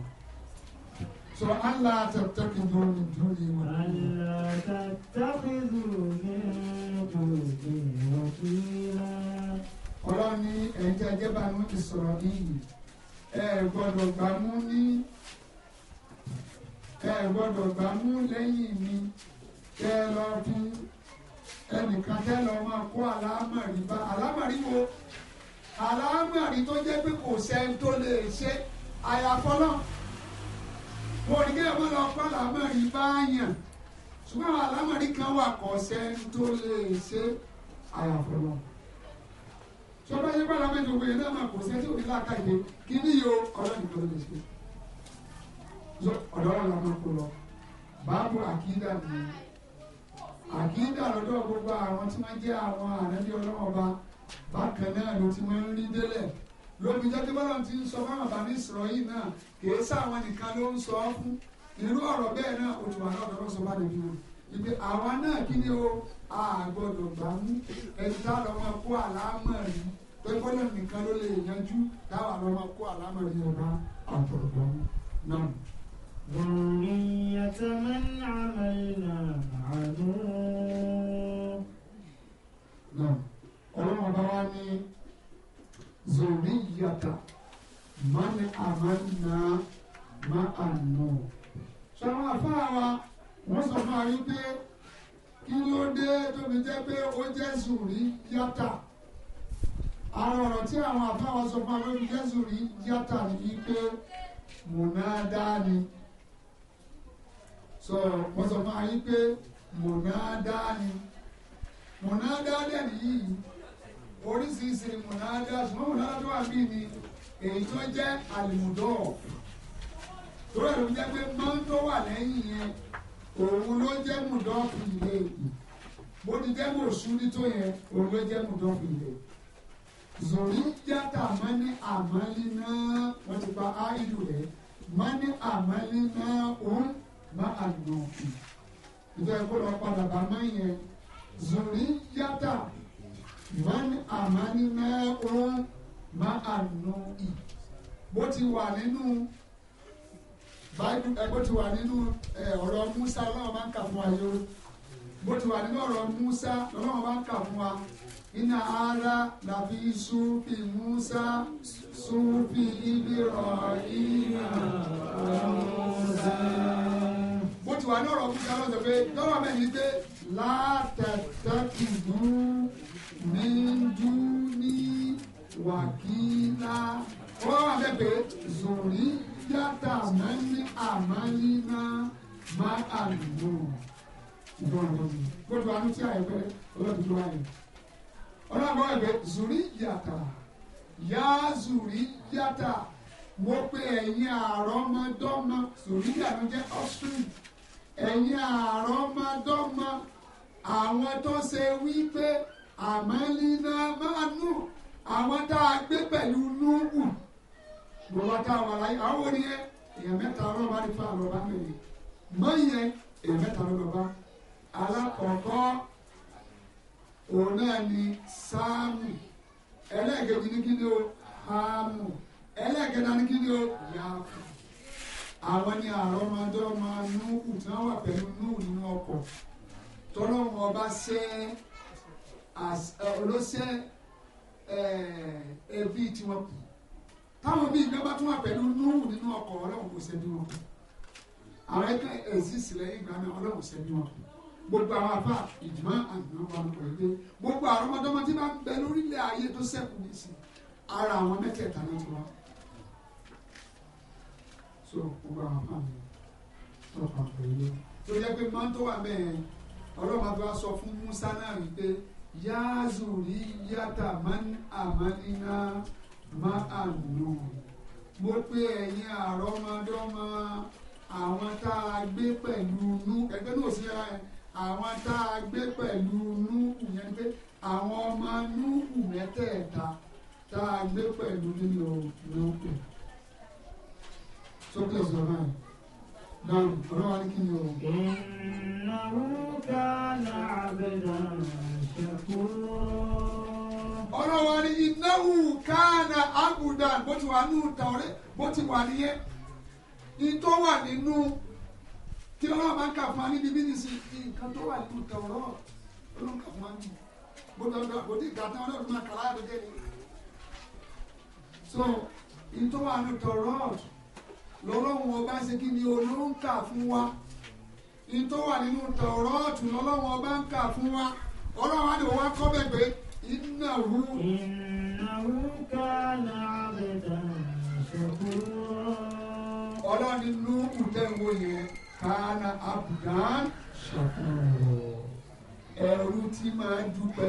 So Allah تتخذوا من دوني وكيلا. ألا تتخذوا من دوني وكيلا. Ọlọ́run ní ẹ̀jẹ̀ jẹ́ bá mú ìsọ̀rọ̀ yìí. Ẹ gbọ́dọ̀ gbà mú ní tẹ ẹ gbọ́dọ̀ gbà mú lẹ́yìn mi tẹ ẹ lọ bí ẹnìkan tẹ lọ máa kó àlámọ̀rí bá àlámọ̀rí wo àlámọ̀rí tó jẹ́ pé kò sẹ́ni tó lè ṣe àyàfọ́lọ́ wọn ní kéèyàn máa lọ kó àlámọ̀rí bá yàn ṣùgbọ́n àlámọ̀rí kan wà kò sẹ́ni tó lè ṣe àyàfọ́lọ́ sọ́dọ̀ yẹn bá lámẹ́jọ náà máa kò sẹ́ni tó lè lákàyè kí ni yóò ọlọ́run tó lè ṣe ọ̀dọ́ wọn la máa kó lọ báàbù àkíńdà ni àkíńdà lọ́dọ̀ gbogbo àwọn tí wọ́n jẹ́ àwọn ànábì ọlọ́wọ́ ọba bákan náà ló ti máa ń rí délẹ̀ lómi jẹ́jẹ́ bọ́lá ti ń sọ fáwọn àbáni ìsọ̀rọ̀ yìí náà kìí sáwọn nìkan ló ń sọ ọ́ fún irú ọ̀rọ̀ bẹ́ẹ̀ náà olùwà náà lọ́dọ̀ sọ bá dèbí náà ibi àwa náà kí ni o a gbọ́dọ̀ gbà mú ẹni tá a lọ máa kó àlámọ̀ rí pé bọ́lá nìkan ló lè yanjú táwa lọ máa kó àlámọ̀ rí ọba àtọ̀rọ̀ gbà mú náà. ذرية من عملنا مع نوح نعم ọlọ́run ọba wa ní zoriyata mani amanna ma àná ṣọwọ́n afárá wa wọ́n sọ fún ayé pé kí ló dé tóbi jẹ́ pé ó ni so wọ́n sọ fún ayé pé mọ̀nádá ni mọ̀nádá dẹ̀ nìyí oríṣiríṣi ni mọ̀nádá ṣùgbọ́n mọ̀nádá tó wà bí ni èyí tó jẹ́ àlùmọ̀dọ́ tó rẹ̀ ló jẹ́ pé máa ń tó wà lẹ́yìn yẹn òun ló jẹ́ mọ̀dọ́ fìlè bó ti jẹ́ mọ̀ṣúrí tó yẹn òun ló jẹ́ mọ̀dọ́ fìlè zòríjàtà mọ́ni àmọ́lí náà wọ́n ti pa áìlú rẹ̀ mọ́ni àmọ́lí náà òun. Ma àná òkè ìjọ ìgbọ́dọ̀ padà bá má yẹn zòrí yàtà ìwọ́n àmání mẹ́rún má àná ì bó ti wà nínú báyìí eh, eh, bó ti wà nínú ọ̀rọ̀ Musa ọlọ́run máa ń kà fún wa yó bó ti wà nínú ọ̀rọ̀ Musa ọlọ́run máa ń kà fún wa iná ara làbí sùpì Musa sùpì ibi rọ̀ ìhà ọ̀rọ̀ Musa bó ti wà ní ọ̀rọ̀ fún kálọ̀ sọ pé tọ́lọ̀ bẹ́ẹ̀ ni pé látàtàkìdú mi dú ní wàkílá ó wà bẹ́ẹ̀ pé zòrí yàtà máa ní àmàlínà máa àlùmọ́ ìgbọràn bó ti wà ní tí àyẹ̀pẹ́ ọlọ́dún tó wáyé ọlọ́gbọ́n ẹ̀gbẹ́ zùrí yàtà yá zùrí yàtà mo pe ẹ̀yin àrọ́mọdọ́mọ zùrí yàtà jẹ́ ọ́sùn ẹ̀yin àrọ́mọdọ́mọ àwọn tó ṣe wípé àmọ́línà máa nù àwọn tá a gbé pẹ̀lú núhù gbọ́dọ̀ tá a wà láyé àwọn oníyẹn èèyàn mẹ́ta lọ́ba ní fún àlọ́ba mẹ́rin mọ́yẹn èèyàn mẹ́ta alákọ̀ọ́kọ́ òun náà ni sáàmù kí ni o hàmù kí ni o àwọn ni àrọ́mọdé ọmọ núhù tí wọ́n wà pẹ̀lú núhù nínú ọkọ̀ tọ́lọ́run ọba ṣe olóṣẹ́ ẹbí tí wọ́n kù táwọn bíi ìgbẹ́ bá tún wà pẹ̀lú núhù nínú ọkọ̀ ọlọ́run kò ṣe bí wọn kù àwọn ẹgbẹ́ ẹ̀sìn sílẹ̀ ìgbà náà ọlọ́run ṣe bí wọn kù gbogbo àwọn afa ìjùmọ̀ àdúgbò àwọn ọkọ̀ ilé gbogbo àrọ́mọdé ọmọ tí bá bẹ lórílẹ̀ ayé tó ṣẹ́kù nísìn ara àwọn mẹ́tẹ̀ẹ̀ta náà ti wọ́n so gbogbo àwọn fáwọn mi tó kàn pé yé tó yẹ pé máa ń tó wà bẹ́ẹ̀ ọlọ́run àti wá sọ fún Musa náà wípé yáàzù rí yàtà man àmàlínà má àlù mo pé ẹ̀yin àrọ́mọdọ́mọ àwọn tá a gbé pẹ̀lú nú ẹgbẹ́ náà sí ara ẹ̀ àwọn tá a gbé pẹ̀lú núhù yẹn pé àwọn ọmọ núhù mẹ́tẹ̀ẹ̀ta tá a gbé pẹ̀lú nínú ìlú pẹ̀lú sókè sọ̀rọ̀ ẹ̀ náà ọ̀rọ̀ wa ní kí ni o. ìnáwó ká làbẹ̀dà ṣẹ̀kúrọ̀. ọ̀rọ̀ wa ní ìnáwó ti wà nínú tàwọ̀rẹ́ bó ti wà nìyẹn ìtọ́ wà nínú tí ọlọ́run máa ń kà fún wa níbi bí nìsí nǹkan tó wà nínú tàwọ̀rọ̀ ọlọ́run kà fún wa nínú gbọdọdọ àbòdì gàdá ọlọ́run máa so into wà nínú tàwọ̀rọ̀ ọ̀tún. lọ́lọ́run ọba ṣe kí ni olóńkà fún wa ní tó wà nínú tọ̀rọ́ọ̀tù lọ́lọ́run ọba ń kà fún wa ọlọ́run á ní wá kọ́ bẹ̀ pé iná wú. ká náà dà ọlọ́run ní ń wò yẹn ká náà àbùdá tí máa dúpẹ́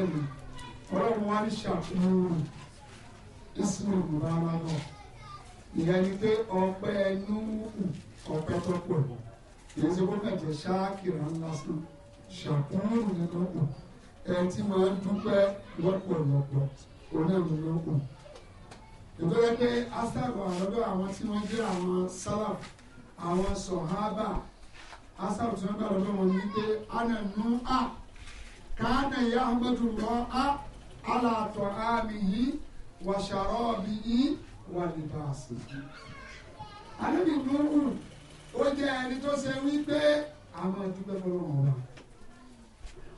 lò ọlọ́run wá ìyẹn ni pé ọpẹ́ ẹnu ọpẹ́ tó pọ̀ kìí ṣe kó kàn jẹ́ ṣáàkìrán lásán ṣàkúrò nínú kù ẹni tí máa ń dúpẹ́ lọ́pọ̀lọpọ̀ onírun ló kù. ìgbọ́dọ̀ pé asago àrọ́dọ̀ àwọn tí wọ́n jẹ́ àwọn sálàf àwọn sọ̀hábà asago tí wọ́n gbà lọ́dọ̀ wọn ní pé ana nu a kàánà ya ahmadu lọ a alàtọ̀ àmì yìí wàṣàrọ̀ mi yìí wà nípa àsìkò. àdébì nùhù ó jẹ́ ẹni tó ṣe wípé àwọn ẹdúgbẹ́ fọlọ́run ọba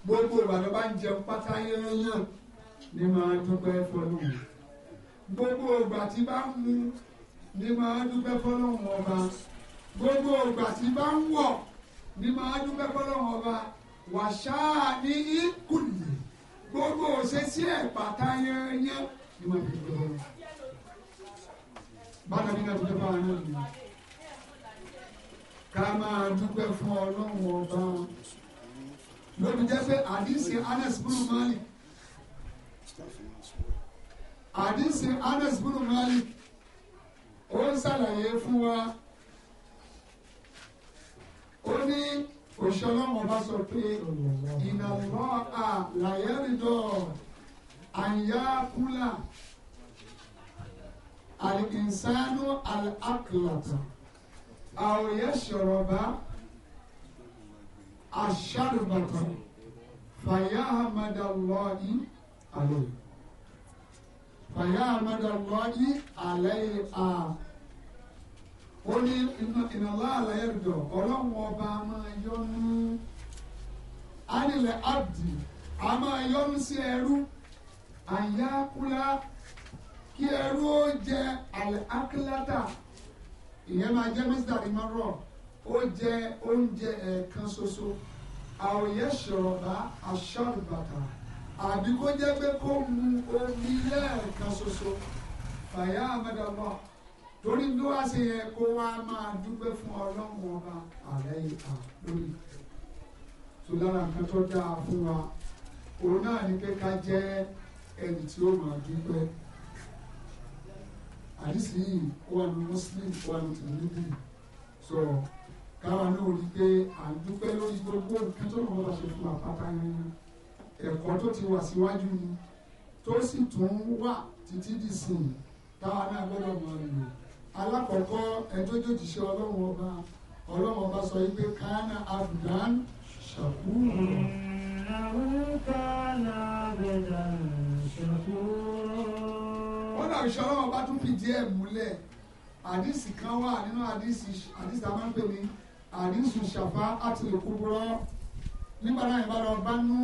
gbogbo ìbàdàn bá ń jẹun pátá yẹnyẹn ní máa dúpẹ́ fọlọ́run gbogbo ìgbà tí bá ń mu ní máa dúpẹ́ fọlọ́run ọba gbogbo ìgbà tí bá ń wọ̀ ní máa dúpẹ́ fọlọ́run ọba wàṣáà ní ìkùnì gbogbo òṣèṣì ẹ̀ pátá yẹnyẹn ní máa dúpẹ́ fọlọ́run ọba bákan nínú ẹ̀dùn nípa àárín ìlú ká máa dúpẹ́ fún ọlọ́run ọba lóbi jẹ́ pé àdìsí anes bùnú Malik àdìsí anes bùnú Malik ó ń ṣàlàyé fún wa ó ní òṣèlọ́mọ bá sọ pé ìnáwó àlàyé rìndọ̀ àyà kúlà. الإنسان الأقلة أو يشرب الشربة فيحمد الله عليه فيحمد الله عليها ó ní ìnàlá àlàyérùdọ̀ ọlọ́run ọba máa yọ́nú ánilẹ̀ abdi a máa yọ́nú sí ẹrú àyákúlá kí ẹrú ó jẹ àlẹ́ akílátà ìyẹn máa jẹ́ mísítà ní mọ́rọ̀ ó jẹ oúnjẹ ẹ̀ẹ̀kan ṣoṣo àwòyẹ ṣọ̀rọ̀bá aṣọ́ọ̀dùbàtà àbí kó jẹ́ pé kó mu omi lẹ́ẹ̀kan ṣoṣo fàyà àmàdàbọ̀ torí bí wàá ṣe yẹ kó wá máa dúpẹ́ fún ọlọ́run ọba ààrẹ ìta lórí tó lára nǹkan tó dáa fún wa òun náà ní pé ká jẹ́ ẹni tí ó máa dúpẹ́ àdìsí yìí ó wà ní muslim ó wà ní tìrìmìtì so káwa náà rí i pé à ń dúpẹ́ lórí gbogbo nǹkan tó lọ́wọ́ ṣe fún àpáta yẹn ẹ̀kọ́ tó ti wà síwájú ni tó sì tún wà títí di sìn táwa náà gbọ́dọ̀ mọ̀ lò alákọ̀ọ́kọ́ ẹjọ́jọ́jìṣẹ́ ọlọ́run ọba ọlọ́run ọba sọ yìí pé kánà abdulhan ṣàkúrò. ìnáwó kánà abdulhan ṣàkúrò kódà ìṣọ́ ọlọ́wọ́ bá tún fìdí ẹ̀ múlẹ̀ àdìsí kan wà nínú àdìsí àdìsí tá a máa ń pè ní àdìsí ṣàfà àtìlẹ̀ kúburọ́ nígbà náà yẹn bá lọ bá nù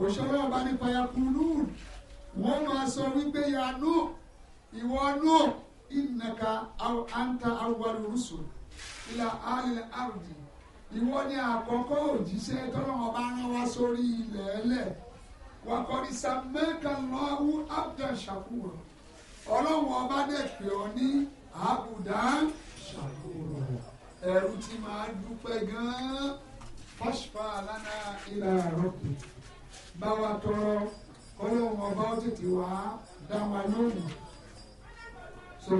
òṣìṣẹ́ ọlọ́wọ́ bá nípa ya kúlù wọ́n máa sọ wípé ya nù ìwọ nù ìnàka àǹtà awàlú rúṣù ìlà àlẹ́ àrùdì ìwọ ni àkọ́kọ́ òjíṣẹ́ tọ́lọ́wọ́ bá rán wá sórí ilẹ̀ ẹlẹ́ẹ̀ wakọrisa mẹka lọọhu abdul shakur ọlọ́run ọba dẹ̀ pè ọ́ ní àbùdá ṣàkóso ẹ̀rù tí máa dúpẹ́ gan-an fọ́ṣùpá lánà ìlà àrọ́pù bá wa tọrọ ọlọ́run ọba ó tètè wá dá wa lóhùn so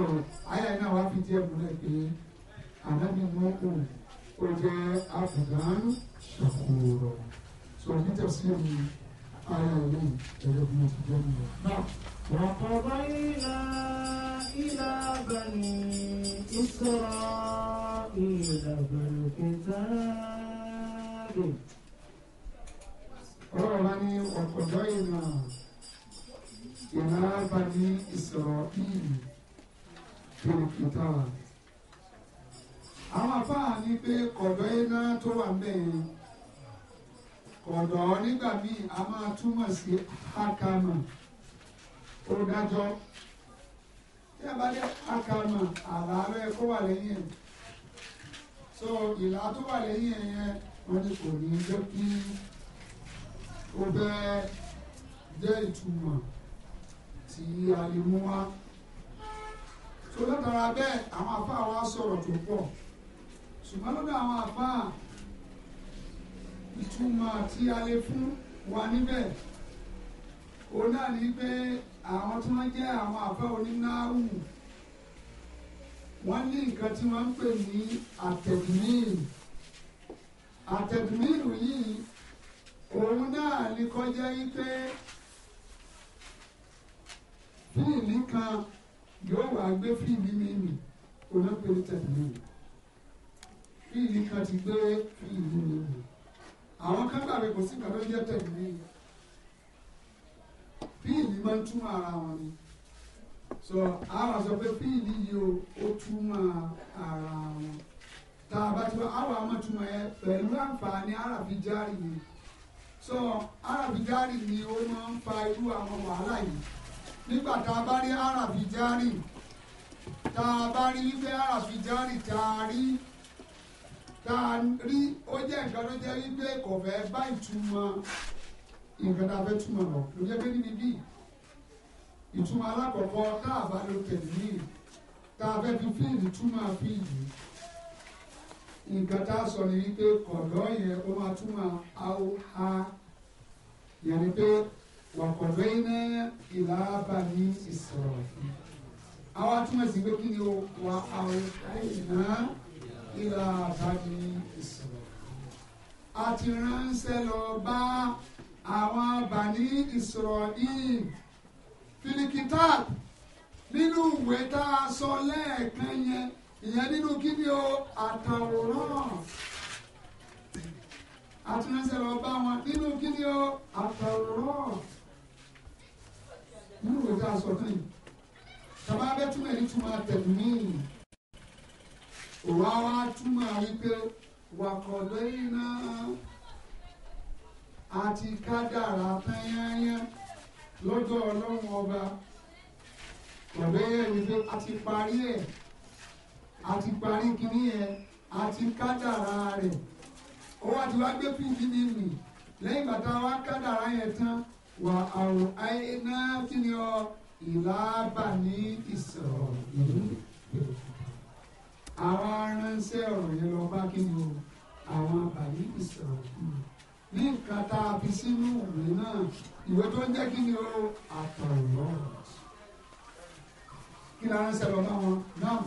ayé náà wá fi díẹ̀ múlẹ̀ pé ànábì mọ́ òun ó jẹ́ àbùdá ṣàkóso so nítòsí mi ara ọlọ́run ẹ̀rọ bí wọ́n ti jẹ́ nìyẹn. náà وقضينا إلى بني إسرائيل في الكتاب أولي وقضينا إلى بني إسرائيل في الكتاب àwọn afáà ní pé kọ̀dọ̀ iná tó wà mẹ́rin kọ̀dọ̀ nígbà míì a máa túmọ̀ sí hakama ó dájọ́ tí a bá dé hakama àlàáfẹ́ kó wà lẹ́yìn ẹ̀ so ìlà tó wà lẹ́yìn ẹ̀ yẹn wọ́n ní kò ní jẹ́ kí ó bẹ́ẹ̀ jẹ́ ìtumọ̀ tí a lè mú wá so látara bẹ́ẹ̀ àwọn afá wa sọ̀rọ̀ tó pọ̀ ṣùgbọ́n lọ́dọ̀ àwọn afá ìtumọ̀ tí a lè fún wa níbẹ̀ òun náà ni pé àwọn tí wọ́n jẹ́ àwọn àfẹ́ onínáàwù wọ́n ní nǹkan tí wọ́n ń pè ní àtẹ̀dùmíìlù àtẹ̀dùmíìlù yìí òun náà ni kọjá yí pé fíìlì kan yóò wá gbé fíìlì mímì òun náà pè ní tẹ̀dùmíìlù fíìlì kan ti gbé fíìlì mímì àwọn kan gbà pé kò sí nǹkan tó jẹ́ tẹ̀lé fíìlì máa ń túmọ̀ ara wọn ni so àwọn sọ pé fíìlì yìí o ó túmọ̀ ara wọn tá a bá ti wá àwọn àmọ́ túmọ̀ ẹ pẹ̀lú àǹfààní àràbí járì so àràbí ni ó máa ń fa irú àwọn wàhálà yìí nígbà tá a bá rí àràbí tá a bá rí wípé àràbí tá a rí tá a rí ó jẹ́ nǹkan tó jẹ́ wípé kò fẹ́ bá ìtumọ̀ nǹkan tá a fẹ́ túmọ̀ lọ ló jẹ́ pé níbi bíi ìtumọ̀ alákọ̀ọ́kọ́ tá a bá lo tẹ̀lé tá a fẹ́ fi fíìlì túmọ̀ fíìlì nǹkan tá a sọ ni wípé kọ̀dọ̀ yẹn ó máa túmọ̀ áwò ha yẹn ni pé wàkọ̀dọ̀ yẹn ní ìlà bá ní ìsọ̀rọ̀ àwọn atúmọ̀ sí pé kí ni ó wà áwò ha yìí náà ìlà àbájú ìsọ̀rọ̀ àti ránṣẹ́ lọ bá àwọn Bani Isra'il filikitab nínú ìwé tá a sọ lẹ́ẹ̀kan yẹn ìyẹn nínú kíni o àtàwòrán àti ránṣẹ́ lọ bá wọn nínú kíni o àtàwòrán nínú ìwé tá a sọ kan yìí tàbá bẹ́túmọ̀ ẹni túmọ̀ tẹ̀lé mí wà á túmọ̀ wípé wàkọ̀dọ̀ iná àti kádàrá pẹ́yẹ́yẹ́ lọ́jọ́ ọlọ́run ọba kọ̀dọ̀ yẹn wípé a ti parí ẹ̀ a ti parí kinní yẹn a ti kádàrá rẹ̀ ó wá ti wá gbé fífi mi nì lẹ́yìn bàtà wa kádàrá yẹn tán wà àrùn àìná kí ni ọ ìlà ní ìsọ̀rọ̀ yìí àwa ránṣẹ́ ọ̀rọ̀ yẹn lọ bá kí ni o àwọn àbàlí ìsọ̀rọ̀ ní nǹkan tá a fi sínú ìwé náà ìwé tó ń jẹ́ kí ni o àtọ̀rọ̀ kí ni aránṣẹ́ lọ bá wọn náà.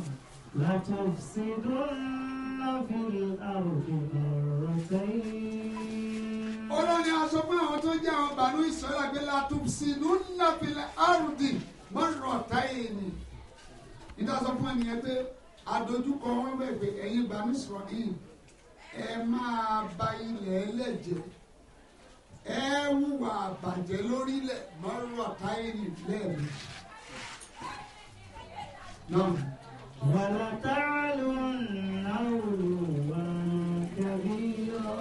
لتفسدن في الأرض مرتين olórí aṣọ fún àwọn tó jẹ́ àwọn bàánú ìsọ̀rọ̀ àgbẹ̀ لتفسدن في الأرض مرتين ìdásọ fún ẹnìyẹn pé adójúkọ wọn bẹ̀ pé ẹ̀yin bá mi sọ̀rọ̀ yìí ẹ máa ba ilẹ̀ ẹlẹ́jẹ̀ ẹ hùwà àbàjẹ́ lórílẹ̀ mọ́rọ̀ táyìrì lẹ́ẹ̀mí. ولتعلن علوا كبيرا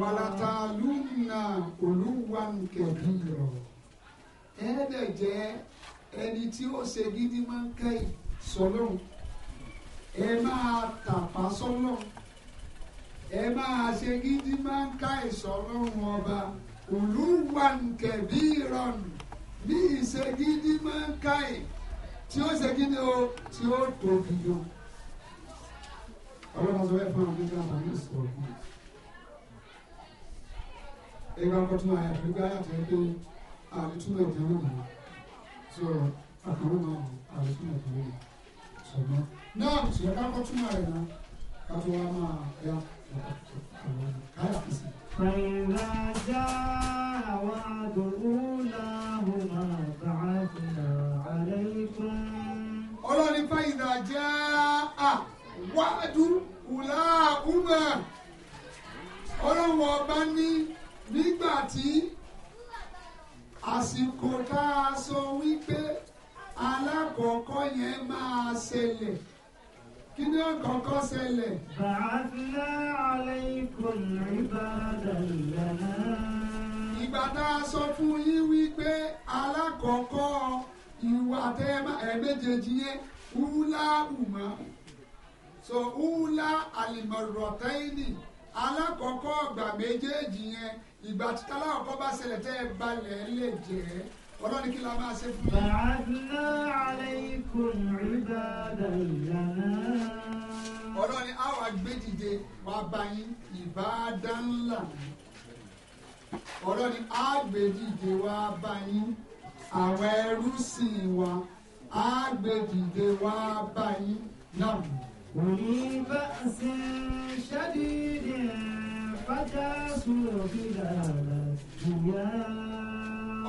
ولتعلن علوا كبيرا ẹ jẹ́ ẹni tí ó ṣe gidi máa ń kẹ́yìn sọlọ́run ẹ máa tàpá sọlọ́run ẹ máa ṣe gidi máa ń ká ìsọlọ́run ọba olúwàǹkẹ̀bíìrọ̀n ní ìṣe gidi máa ń ká ì tí ó ṣe gidi o tí ó tóbi o. ọlọ́run sọ fẹ́ fún àwọn ọmọdé àwọn yóò sọ̀rọ̀ fún un. ẹgbẹ́ akọ́tún àyà pẹ̀lú gbáyà tó ń àlùtúmọ̀ ìdánwò mọ́ so àkàrà náà àlùtúmọ̀ ìdánwò mọ́ ṣùgbọ́n náà ṣùgbọ́n ká kọ́ túmọ̀ rẹ̀ náà ká tó wá máa yá káyà fèsì. فإذا جاء وعد أولاهما بعثنا عليكم ọlọ́ni fàyìnà jẹ́ àwádù kùlàkùmà ọlọ́run ọba ní nígbà tí àsìkò alákọ̀ọ́kọ́ yẹn máa ṣẹlẹ̀ kí ni ọ̀kọ̀ọ̀kọ́ ṣẹlẹ̀. bàtà alaykum ibadallana. ìgbà tá a sọ fún yín wípé alákọ̀ọ́kọ́ ìwà tẹ ẹ̀ẹ́dẹ́jẹjì yẹn húlá hùmá so húlá àlìmọ̀rọ̀tẹ́yìnì alákọ̀ọ́kọ́ ọgbà méjèèjì yẹn ìgbà tí tálákọ̀ọ́kọ́ bá ṣẹlẹ̀ tẹ́ ẹ balẹ̀ lè jẹ́ ọlọ́ni عليكم la máa ṣe fún yín. bàánà aleikum ìbádàlá. ọlọ́ni àwa gbé dìde wá bá yín ìbádàlá. ọlọ́ni á gbé dìde wá bá yín àwọn ẹrú sìn wa á gbé dìde wá bá náà. Òní bá ṣe ṣẹ́dí ẹ̀ fájà sùn òkè dáadáa ìyá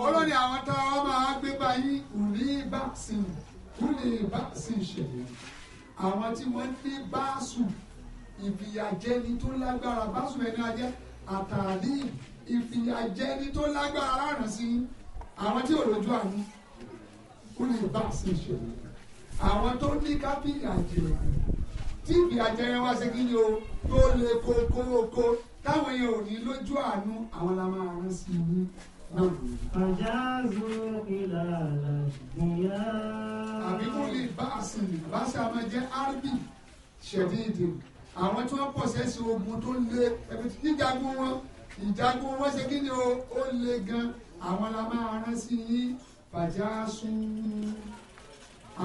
ọlọ́ni àwọn tá a máa gbé báyìí òní báàsìn òní báàsìn ṣẹlẹ̀ àwọn tí wọ́n ní báàsù ìfìyàjẹni tó lágbára báàsù ẹni ajẹ́ àtàlí ìfìyàjẹni tó lágbára lánàá sí àwọn tí ò lójú àánú òní báàsìn ṣẹlẹ̀ àwọn tó ní kápìlì àjẹrò tí ìbí àjẹrẹ wá ṣe kí ni o tó le kókóókó táwọn èèyàn ò ní lójú àánú àwọn la máa rán sí i. فجازوا خلال الديار àbíkúlì báàsì báàsì àmọ́ jẹ́ arbi ṣẹ̀díìdì àwọn tí wọ́n pọ̀ sẹ́sì ogun tó le ẹ̀bí jíjagun wọn ìjagun wọn ṣe kí ni ó le gan àwọn la máa rán sí yín fàjásù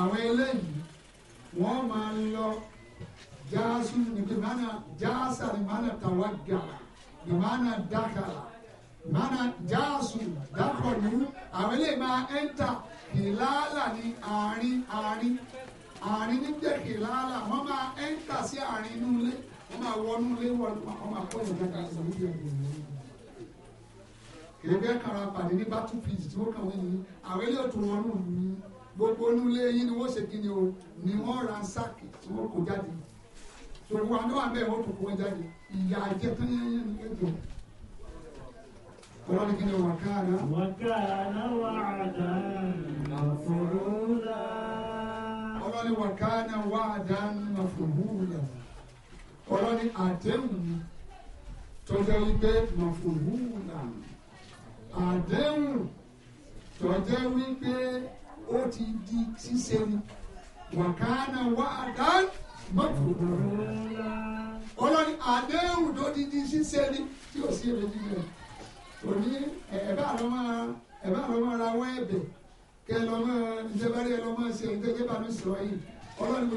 àwọn eléyìí wọ́n máa ń lọ jásù nìbí mánà jásà nìbí mánà tàwágà nìbí mánà dákàlà mana jaasu dakọnu àwọn eléyìí máa ẹ́ńtà kìláàlà ní àárín àárín àárín níjẹ́ kìláàlà wọ́n máa ẹ́ńtà sí àárín inú ilé wọ́n máa wọnú ilé wọ́n máa kọ́ ìwé kankan sí ìwé ìwé ìwé. kèébẹ́ kara pàdé ní battle pit tí wọ́n kàn wọ́n yìí àwọn eléyìí tó wọnú mi gbogbo inú ilé yín ni wọ́n ṣe kí ni o ni wọ́n ra sáàkì tí wọ́n kó jáde. tòun wa ní tó kó wọn jáde ìyá ọlọ́run kí ni wàkàrà. wàkàrà wàdà màfòrúlà. ọlọ́run wàkàrà wàdà màfòrúlà. ọlọ́run àdéhùn tó jẹ́ wípé màfòrúlà. àdéhùn tó jẹ́ wípé ó ti di ṣíṣe ni wàkàrà wàdà màfòrúlà. ti di ṣíṣe òní ẹ̀bá àlọ́ máa ẹ̀bá àlọ́ máa ra wọ́n ẹ̀bẹ̀ kẹ́ ẹ lọ máa ìṣẹ́bárí ẹ lọ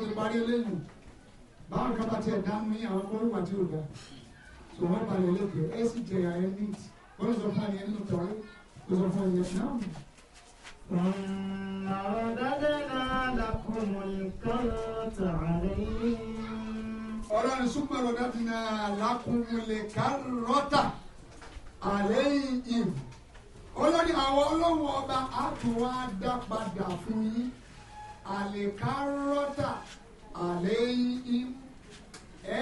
mi parí eléyìí báwọn kan bá tiẹ̀ dánú ní àwọn fọlọ́wà tí ò dá so wọ́n parí eléyìí ẹ sì jẹ ààrẹ ní ìtì wọ́n sọ fún àyẹ̀ nínú tọ́lé ó sọ fún ẹ̀yẹ náà. ọlọ́run súnmọ́ ọ̀rọ̀ dájú náà lákùnrin lè ká rọ́tà àlẹ́yìn ìhù olórí àwọn olówó ọba àtúwá dá padà fún yín àlèkárọ́tà àlẹ́yìn ìhù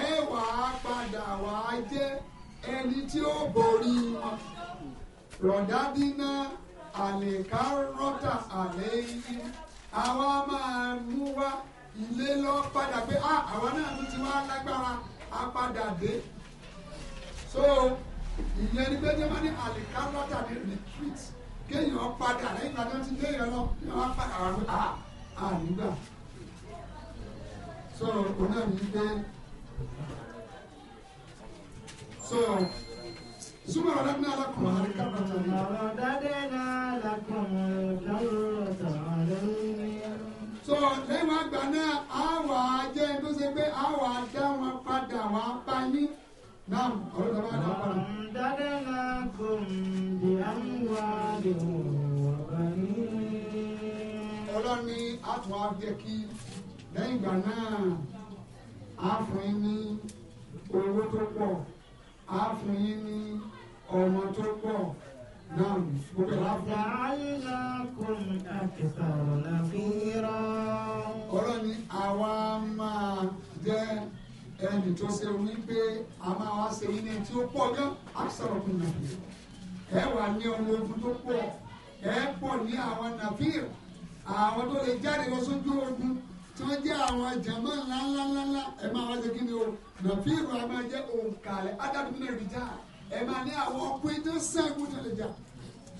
ẹ wà á padà wà á jẹ́ ẹni tí ó borí wọn rọ̀dádínà àlèkárọ́tà àlẹ́yìn ìhù àwa máa mú wá ilé lọ padà pé ah, àwa náà ti wá lágbára a padà dé so ìyẹn ni pé jẹ́wọ́n ní àlìkábátà ní retreat kéèyàn padà lẹ́yìn ìgbà tó ti lé èèyàn lọ ní wọ́n padà wà pé à ah, nígbà. so òun náà ní pé so súnmọ́ ọ̀rọ̀ dábìnrin alákùnrin àlìkábátà ní. ọ̀rọ̀ dábìnrin alákùnrin lọ́rọ̀ so lẹ́yìn àgbà náà a wà á jẹ́ tó ṣe pé a wà á dá wọn padà wà á pa yín. نعم قالوا تبارك ربنا أمددناكم بأموال وبنين ọlọ́run ní àtún á jẹ́ kí lẹ́yìn ìgbà náà á fún yín ní owó tó pọ̀ á fún yín ní ọmọ tó pọ̀ náà gbogbo ẹ̀ á fún yín. ja'alnakum akthara nafira. ọlọ́run ní àwa máa jẹ́ ẹni tó ṣe wípé a máa wá ṣe iná tí ó pọ̀ gan àṣọ̀rọ̀ fún nàfíìr ẹ wà ní ọmọ ogun tó pọ̀ ẹ pọ̀ ní àwọn nàfíìr àwọn tó lè jáde lọ sójú ogun tí wọ́n jẹ́ àwọn jàmọ́ ńláńláńlá ẹ máa wá ṣe kí ni o nàfíìr a máa jẹ́ òǹkàlẹ̀ ádàbí náà rí já ẹ máa ní àwọn ọkùnrin tó sẹ́gun tó lè jà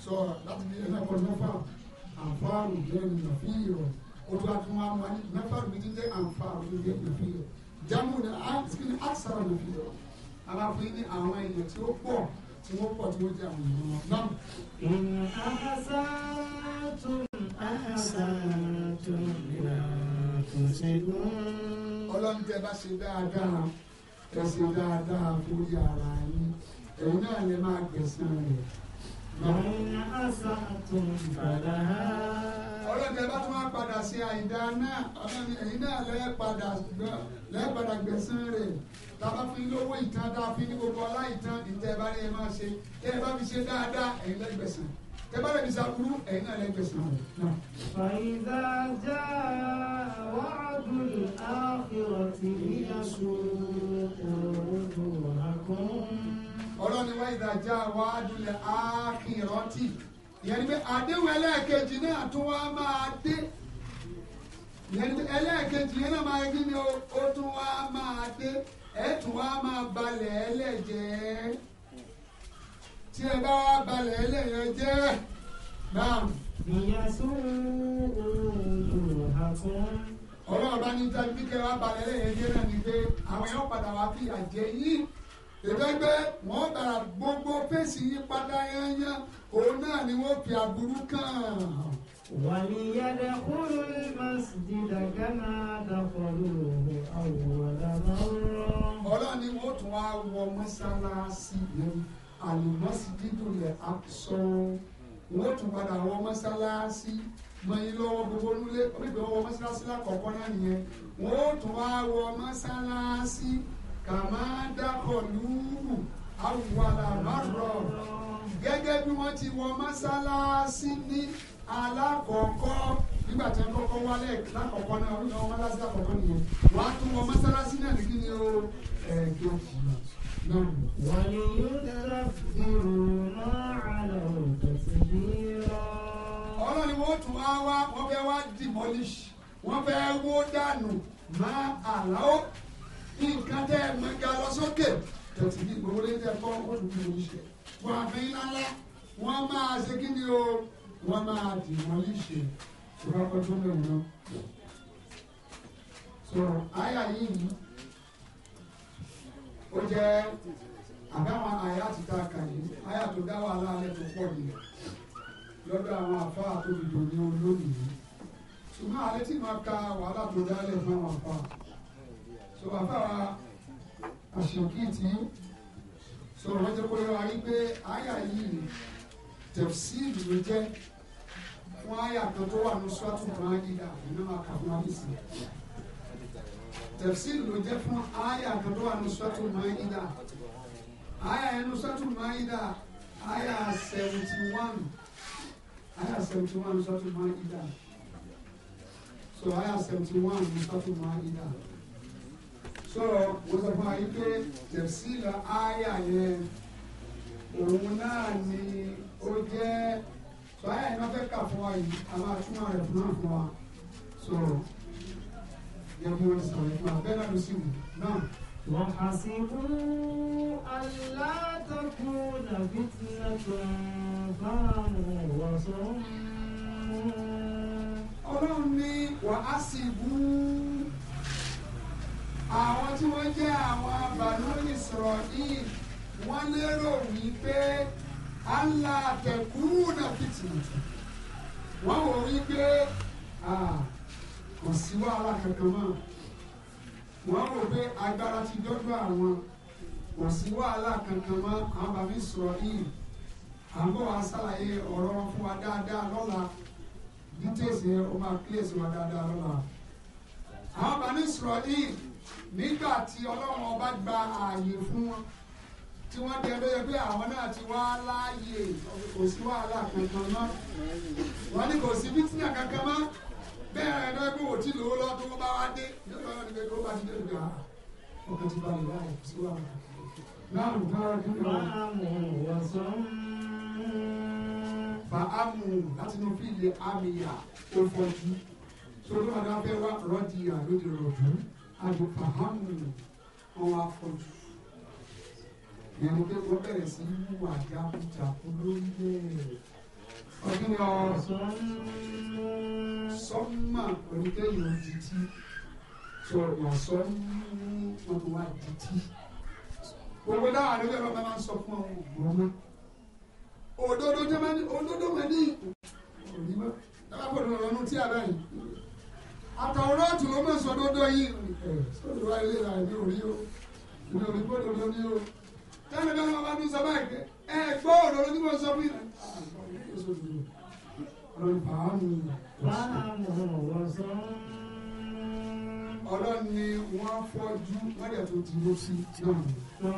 sọ láti fi ẹ̀ka pọ̀ mẹ́fà àǹfààrù jẹ́ nàfíìr o tó a tún wá mọ́ ní jamu ní àti ní àtisara ló fi yọ ara fún yín ní àwọn èèyàn tí ó pọ̀ tí wọ́n pọ̀ tí wọ́n jẹ́ àwọn èèyàn wọn náà. ìnà àhásàtún àhásàtún ìlà àtúnṣegún. ọlọ́run tẹ bá ṣe dáadáa ẹ ṣe dáadáa fún yàrá yín ẹ̀yin náà lè máa gbẹ̀sán rẹ̀ ọlọ́dẹ bá tún wá padà sí àìdá náà ọlọ́dẹ ẹ̀yin náà lẹ́ẹ̀padà gbẹ̀sán rẹ̀ tábà fi lówó ìtàn tá a fi ní gbogbo aláìtàn ìtẹ́ bá rí ẹ máa ṣe tẹ́ ẹ bá fi ṣe dáadáa ẹ̀yin lẹ́gbẹ̀sán tẹ́ bá rẹ̀ bí sàkúrú ẹ̀yin náà lẹ́gbẹ̀sán rẹ̀. فإذا جاء وعد الآخرة ليسوقوا وجوهكم ọlọ́ni wọ́n ìdájà wàádùlẹ̀ ákìrọ́tì ìyẹn ni pé àdéhùn ẹlẹ́ẹ̀kejì náà tún wá máa dé ìyẹn ni pé ẹlẹ́ẹ̀kejì yẹn náà máa kí ni ó tún wá máa dé ẹ tún wá máa balẹ̀ ẹlẹ́jẹ̀ tí ẹ bá wá balẹ̀ ẹlẹ́yẹn jẹ́ náà. ìyàsùn òòlù àkùn. ọlọ́run bá ní jáde bí kẹ́ wá balẹ̀ ẹlẹ́yẹn náà ni pé àwọn èèyàn padà wá fi àjẹ́ yìí ìgbẹ́gbẹ́ wọ́n gbàrà gbogbo fèsì yín padà yányán òun náà ni wọ́n fi àbúrú kàn. wàlíyàdà kúrò masjida kama dakhaluhu awwala marra. ọlọ́run ni wọ́n tún wá wọ mọ́sálásí àlùmọ́sídìdù rẹ̀ àkùsọ wọ́n tún padà wọ mọ́sálásí mọ̀nyí lọ́wọ́ gbogbo nulẹ̀ orí ìgbà wọ mọ́sálásí lákọ̀ọ́kọ́ náà nìyẹn wọ́n tún wá wọ mọ́sálásí kàmá dákọ̀lúhù awùwàlà márọ̀ gẹ́gẹ́ bí wọ́n ti wọ mọ́sálásí ní alákọ̀ọ́kọ́ nígbà tí wọ́n kọ́kọ́ wálẹ̀ lákọ̀ọ́kọ́ náà wọ́n wọ́n mọ́sálásí àkọ́kọ́ nìyẹn wọ́n á tún wọ mọ́sálásí náà ní kíni o ẹ̀ẹ́dẹ́gbẹ̀jì náà. wọ́n yóò dára fúru náà àlọ́ òtòtò yìí rọ. ọlọ́ni wọ́n tún á wá wọ́n fẹ́ wá demolish wọ́n fẹ́ wó dànù má àlọ́ nǹkan tẹ́ ẹ mọ̀ ga lọ sókè tẹ̀sí ní gbogbo lé tẹ́ kọ́ ó dùn ní ìṣe. wọ́n àfin lálá wọ́n máa ṣe kí ni o wọ́n máa dì wọ́n ní ìṣe wọ́n kọ́ tó lè wọ́n. sọ àyà yìí ó jẹ́ àbáwọn àyà ti ta kàyé àyà tó dá wàhálà alẹ́ tó pọ̀ nìyẹn lọ́dọ̀ àwọn àfáà tó dìbò ní olóyìn ṣùgbọ́n àlẹ́ tí máa ka wàhálà tó dálẹ̀ fún àwọn àfáà so àfàrà àṣòkì tí so wọ́n jẹ́ kóyọ wa wípé àyà yìí tẹ̀síìlì ló jẹ́ fún àyà kan tó wà ní sọ́ọ̀tù máa ń yíra nínú àkàfún àbísí tẹ̀síìlì ló jẹ́ fún àyà kan tó wà ní sọ́ọ̀tù máa ń yíra àyà yẹn ní sọ́ọ̀tù máa ń yíra àyà seventy one àyà seventy one ní sọ́ọ̀tù máa ń yíra so àyà seventy one ní sọ́ọ̀tù máa ń yíra so mo sọ fún ayé pé tẹ̀sílà áyà yẹn òun náà ni ó jẹ́ báyà iná fẹ́ kà fún wa yìí a máa túmọ̀ rẹ̀ fún náà fún wa so yẹ kí wọ́n sọ̀rọ̀ fún wa bẹ́ẹ̀ náà ló sì wù náà. وحسبوا ألا تكون فتنة فاموا وصموا. ọlọ́run ní wàásìbù àwọn tí wọ́n jẹ́ àwọn abàlóyè sọ̀rọ̀ yìí wọ́n lérò wípé Allah àtẹ̀kùnà fìtìnà wọ́n wò wípé kò sí wàhálà kankan mọ́ wọ́n rò pé agbára ti dọ́gba àwọn kò sí wàhálà kankan mọ́ àwọn bàbá sọ̀rọ̀ yìí àbọ̀ wa ṣàlàyé ọ̀rọ̀ wọn fún wa dáadáa lọ́la dítèsì ẹ̀ ọ máa wa dáadáa lọ́la àwọn bàbá sọ̀rọ̀ yìí nígbà tí ọlọ́run ọba gba ààyè fún wọn tí wọ́n jẹ lóye pé àwọn náà ti wá láàyè kò sí wàhálà kankan mọ́ wọ́n ní kò sí bítínà kankan mọ́ bẹ́ẹ̀ rẹ̀ lọ́wọ́ pé òtí lòó lọ tó bá wá dé lọ́wọ́ ni pé tó bá ti dé lùgbà ọkàn ti balẹ̀ báyìí sí wàhálà. náà mo fara kí ló wà. láti inú fíìlì àmì ìyà tó fọjú tó ló wa rọ́ọ̀dì ìyà lóde alùpàhámù wọn wá fọjú ìrìn pé kò bẹ̀rẹ̀ sí wíwà jákujàku lórí ẹ̀ ọdún ni ọ sọ́mà pẹ̀lú kéèyàn títí sọ̀rọ̀ sọ́mù wọn wá títí gbogbo dáhà lórí ẹ̀rọ bá máa ń sọ fún ọ gbọ́mọ́ òdodo jẹ́ máa ní òdodo máa ní ìkù òní mọ́ dábàá ọ̀rọ̀ ọ̀nù tí a bá àtàwọn ọ̀tún ló mọ̀ sọdọ́dọ́ yìí sọdọ́ wa ilé ra ẹ̀mí òrí o ìlú òrí gbọ́dọ̀ ló ní o tẹ́lẹ̀ náà wọn bá tún sọ báyìí pé ẹ gbọ́ ọ̀rọ̀ ló ní mo sọ fún ìlú ọlọ́run ni wọ́n fọ́jú wọ́n yẹ̀ tó ti ló sí náà.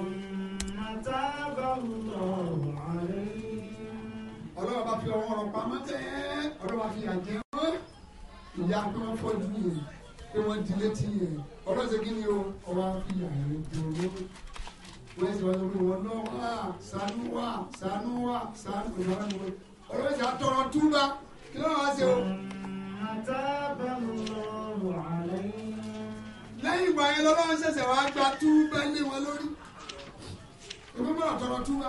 ọlọ́run bá fi ọwọ́ rọ pamọ́ tẹ́ ọlọ́run bá fi yà ìyá pé wọ́n fọ́jú yẹn pé wọ́n di létí yẹn ọ̀rọ̀ ṣe kí ni o ọba fi ààrẹ dòró wọ́n ṣe wọ́n sọ pé wọ́n náà wà sànú wà sànú wà sànú ìwà ni wọ́n ọ̀rọ̀ ṣe àtọ̀rọ̀ túbà kí ló wá ṣe o. lẹ́yìn ìgbà yẹn lọ́lọ́run ṣẹ̀ṣẹ̀ wá gba túbà lé wọn lórí ìgbà mọ́ àtọ̀rọ̀ túbà.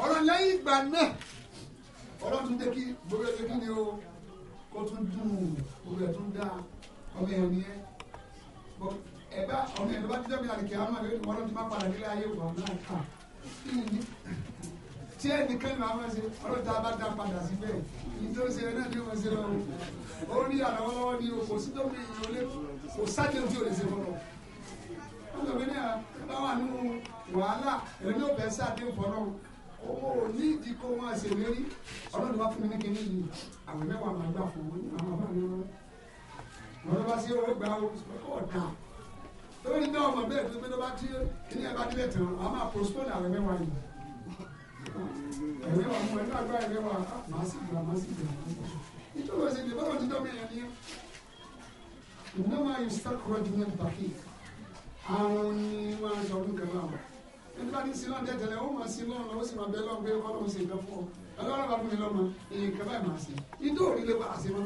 ọlọ́run lẹ́yìn ìgbà náà ọlọ́run tún jẹ́ kí gbogbo ẹgbẹ́ kí ni o kó tún dùn gbogbo ẹ̀ tún dá ọmọ ẹ̀ nìyẹn ẹ̀bá ọmọ ẹ̀ ló bá ti dẹ́bi àlèkè àwọn àgbẹ̀ wọn lọ́n ti máa padà nílé ayé wà náà kà tí ẹnìkan máa ma ṣe ọlọ́run tá a bá dá padà síbẹ̀ nítorí ṣe ẹ náà ni wọ́n ṣe lọ o ní àlọ́wọ́lọ́wọ́ ni o kò sí tó fi ìyẹn olé kò sáàjẹ́ o lè ṣe fọlọ́ wọ́n sọ pé ní àbáwá nínú wàhálà èmi ò owó ò ní ìdí kó wọn àṣèlérí ọlọ́run bá fún mi ní kinní yìí àwọn mẹ́wàá máa gbà fún wọn àwọn ọmọ mi rán lọ́dọ́ bá sí owó gbà ọ̀dà lórí náà ọmọ bẹ́ẹ̀ tó gbẹ́dọ́ bá tí kíní ẹ̀ bá délé tán a máa postpone àwọn mẹ́wàá yìí ẹ̀mẹ́wàá mú ẹ̀ náà gbá ẹ̀mẹ́wàá ah, máa sì gbà máa sì gbà nítorí ọ̀sẹ̀ ìdìbò náà ti dọ́ mi yẹn ni ìnáwó ayé stark rod ní bàkì àwọn ni wọ́n á ọdún kan náà ẹni bá ní sinú ọdẹ tẹ́lẹ̀ ó máa sin lọ́rùn lọ́wọ́ sì máa bẹ lọ́rùn pé Ọlọ́run ṣe nǹkan fún ọ Ọlọ́run bá fún mi lọ́mọ iye nǹkan báyìí máa ṣe idó òrí lè padà mọ